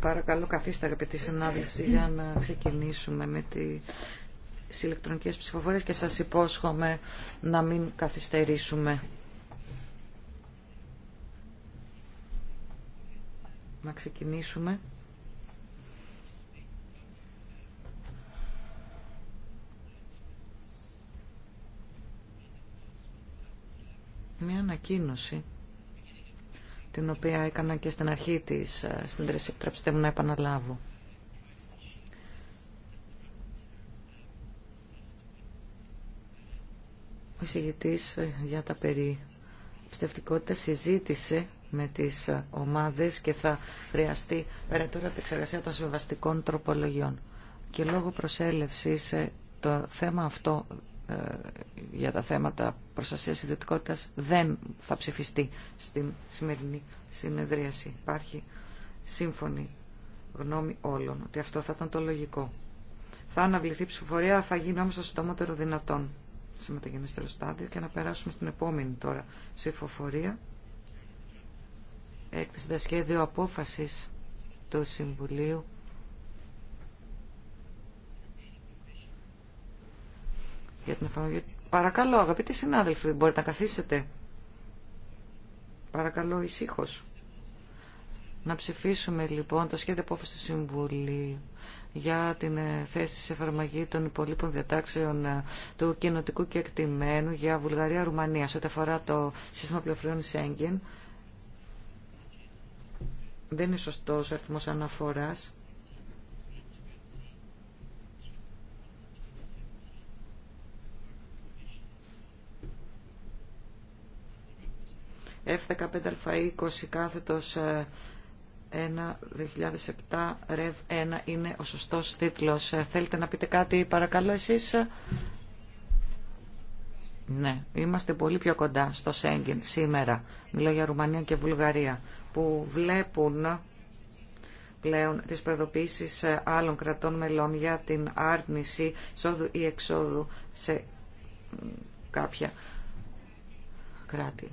Παρακαλώ καθίστε αγαπητοί συνάδελφοι για να ξεκινήσουμε με τις ηλεκτρονικές ψηφοφορίες και σας υπόσχομαι να μην καθυστερήσουμε. Να ξεκινήσουμε. Μια ανακοίνωση την οποία έκανα και στην αρχή της ε, συντήρησης, επιτρέψτε μου να επαναλάβω. Ο συγητής ε, για τα περί πιστευτικότητα συζήτησε με τις ε, ομάδες και θα χρειαστεί περαιτέρω επεξεργασία των συμβαστικών τροπολογιών. Και λόγω προσέλευσης το θέμα αυτό ε, για τα θέματα προστασίας ιδιωτικότητας δεν θα ψηφιστεί στην σημερινή συνεδρίαση. Υπάρχει σύμφωνη γνώμη όλων ότι αυτό θα ήταν το λογικό. Θα αναβληθεί η ψηφοφορία, θα γίνει όμως το συντομότερο δυνατόν σε μεταγενέστερο στάδιο και να περάσουμε στην επόμενη τώρα ψηφοφορία. Έκθεση τα σχέδια απόφασης του Συμβουλίου για την εφαρμογή. Παρακαλώ, αγαπητοί συνάδελφοι, μπορείτε να καθίσετε. Παρακαλώ, ησύχω. Να ψηφίσουμε λοιπόν το σχέδιο απόφαση του Συμβουλίου για την ε, θέση σε εφαρμογή των υπολείπων διατάξεων ε, του κοινοτικού και εκτιμένου για Βουλγαρία-Ρουμανία σε ό,τι αφορά το σύστημα πληροφοριών Σέγγεν. Δεν είναι σωστό ο αριθμό αναφορά. F15α20 κάθετος 1-2007 Rev 1 είναι ο σωστός τίτλος. Ε, θέλετε να πείτε κάτι παρακαλώ εσείς. Ναι, είμαστε πολύ πιο κοντά στο Σέγγιν σήμερα. Μιλώ για Ρουμανία και Βουλγαρία που βλέπουν πλέον τις προειδοποίησεις ε, άλλων κρατών μελών για την άρνηση εισόδου ή εξόδου σε κάποια κράτη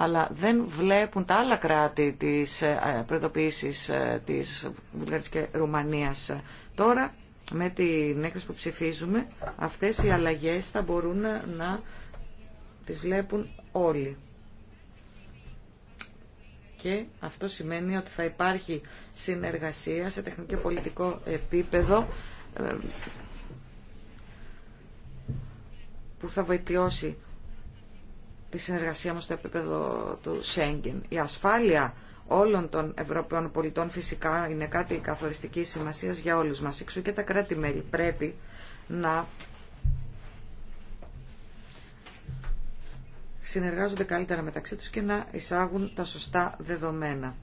αλλά δεν βλέπουν τα άλλα κράτη της ε, προειδοποίησης ε, της Βουλγαρίας και Ρουμανίας. Τώρα, με την έκθεση που ψηφίζουμε, αυτές οι αλλαγές θα μπορούν να τις βλέπουν όλοι. Και αυτό σημαίνει ότι θα υπάρχει συνεργασία σε τεχνικό και πολιτικό επίπεδο ε, που θα βελτιώσει τη συνεργασία μας στο επίπεδο του Σέγγεν. Η ασφάλεια όλων των Ευρωπαίων πολιτών φυσικά είναι κάτι καθοριστική σημασία για όλους μας. Εξού και τα κράτη-μέλη πρέπει να συνεργάζονται καλύτερα μεταξύ τους και να εισάγουν τα σωστά δεδομένα.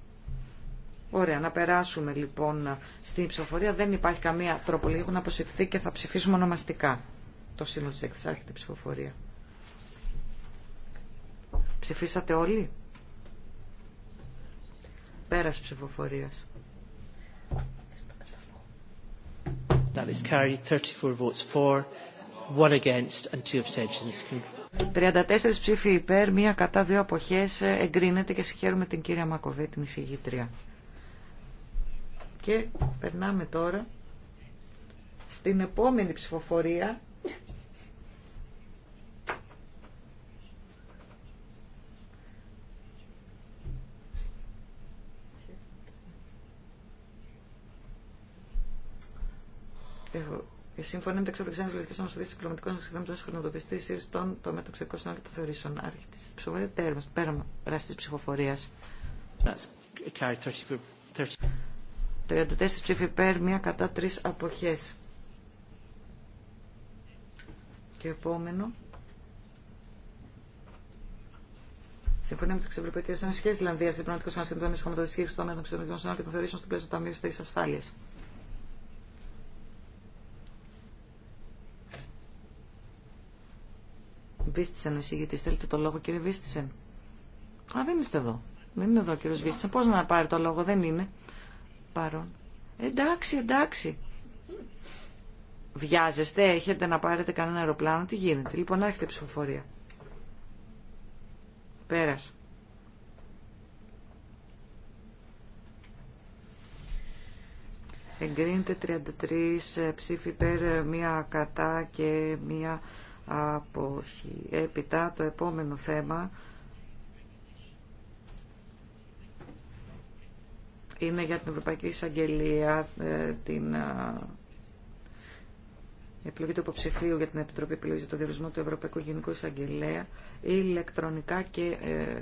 Ωραία, να περάσουμε λοιπόν στην ψηφοφορία. Δεν υπάρχει καμία τροπολογία. να αποσυρθεί και θα ψηφίσουμε ονομαστικά το σύνολο τη έκθεση. Άρχεται η ψηφοφορία. Ψηφίσατε όλοι. Πέρας ψηφοφορία. That is 34 votes for, one against and two abstentions. 34 ψήφοι υπέρ, μία κατά δύο αποχές ε, εγκρίνεται και συγχαίρουμε την κυρία Μακοβέ, την εισηγήτρια. Και περνάμε τώρα στην επόμενη ψηφοφορία Ε, σύμφωνα με τα εξοπλισμένε πολιτικέ ομοσπονδίε των διπλωματικών συμφωνιών, χρηματοπιστή ή στον τομέα των ψηφιακών συνόρων των θεωρήσεων. Άρχιτη τη ψηφοφορία, τέρμα, πέρμα τη ψηφοφορία. 34 ψήφοι υπέρ, μία κατά τρει αποχέ. Και επόμενο. Συμφωνία με τι Ευρωπαϊκέ Ένωσε και τη Ισλανδία, διπλωματικό ανασυντόνιο χωματοδοσία των ανεξαρτητών και των θεωρήσεων στο πλαίσιο του Ταμείου Στέγη Ασφάλεια. Βίστησεν, γιατί Θέλετε το λόγο, κύριε Βίστησεν. Α, δεν είστε εδώ. Δεν είναι εδώ ο κύριο Βίστησεν. Πώ να πάρει το λόγο, δεν είναι. Παρόν. Εντάξει, εντάξει. Βιάζεστε, έχετε να πάρετε κανένα αεροπλάνο, τι γίνεται. Λοιπόν, άρχεται ψηφοφορία. Πέρας. Εγκρίνεται 33 ε, ψήφοι υπέρ, ε, μία κατά και μία αποχή. Έπειτα το επόμενο θέμα είναι για την Ευρωπαϊκή Εισαγγελία, ε, την ε, επιλογή του υποψηφίου για την Επιτροπή Επιλογής για το Διορισμό του Ευρωπαϊκού Γενικού Εισαγγελέα, ηλεκτρονικά και ε,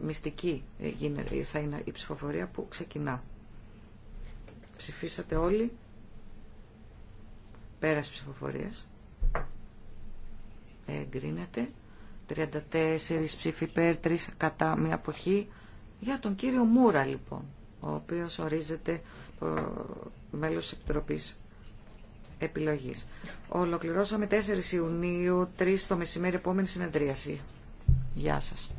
μυστική θα είναι η ψηφοφορία που ξεκινά. Ψηφίσατε όλοι. Πέρας ψηφοφορίας εγκρίνεται 34 ψήφοι υπέρ 3 κατά μια αποχή για τον κύριο Μούρα λοιπόν ο οποίος ορίζεται μέλος της Επιτροπής Επιλογής. Ολοκληρώσαμε 4 Ιουνίου, 3 το μεσημέρι, επόμενη συνεδρίαση. Γεια σας.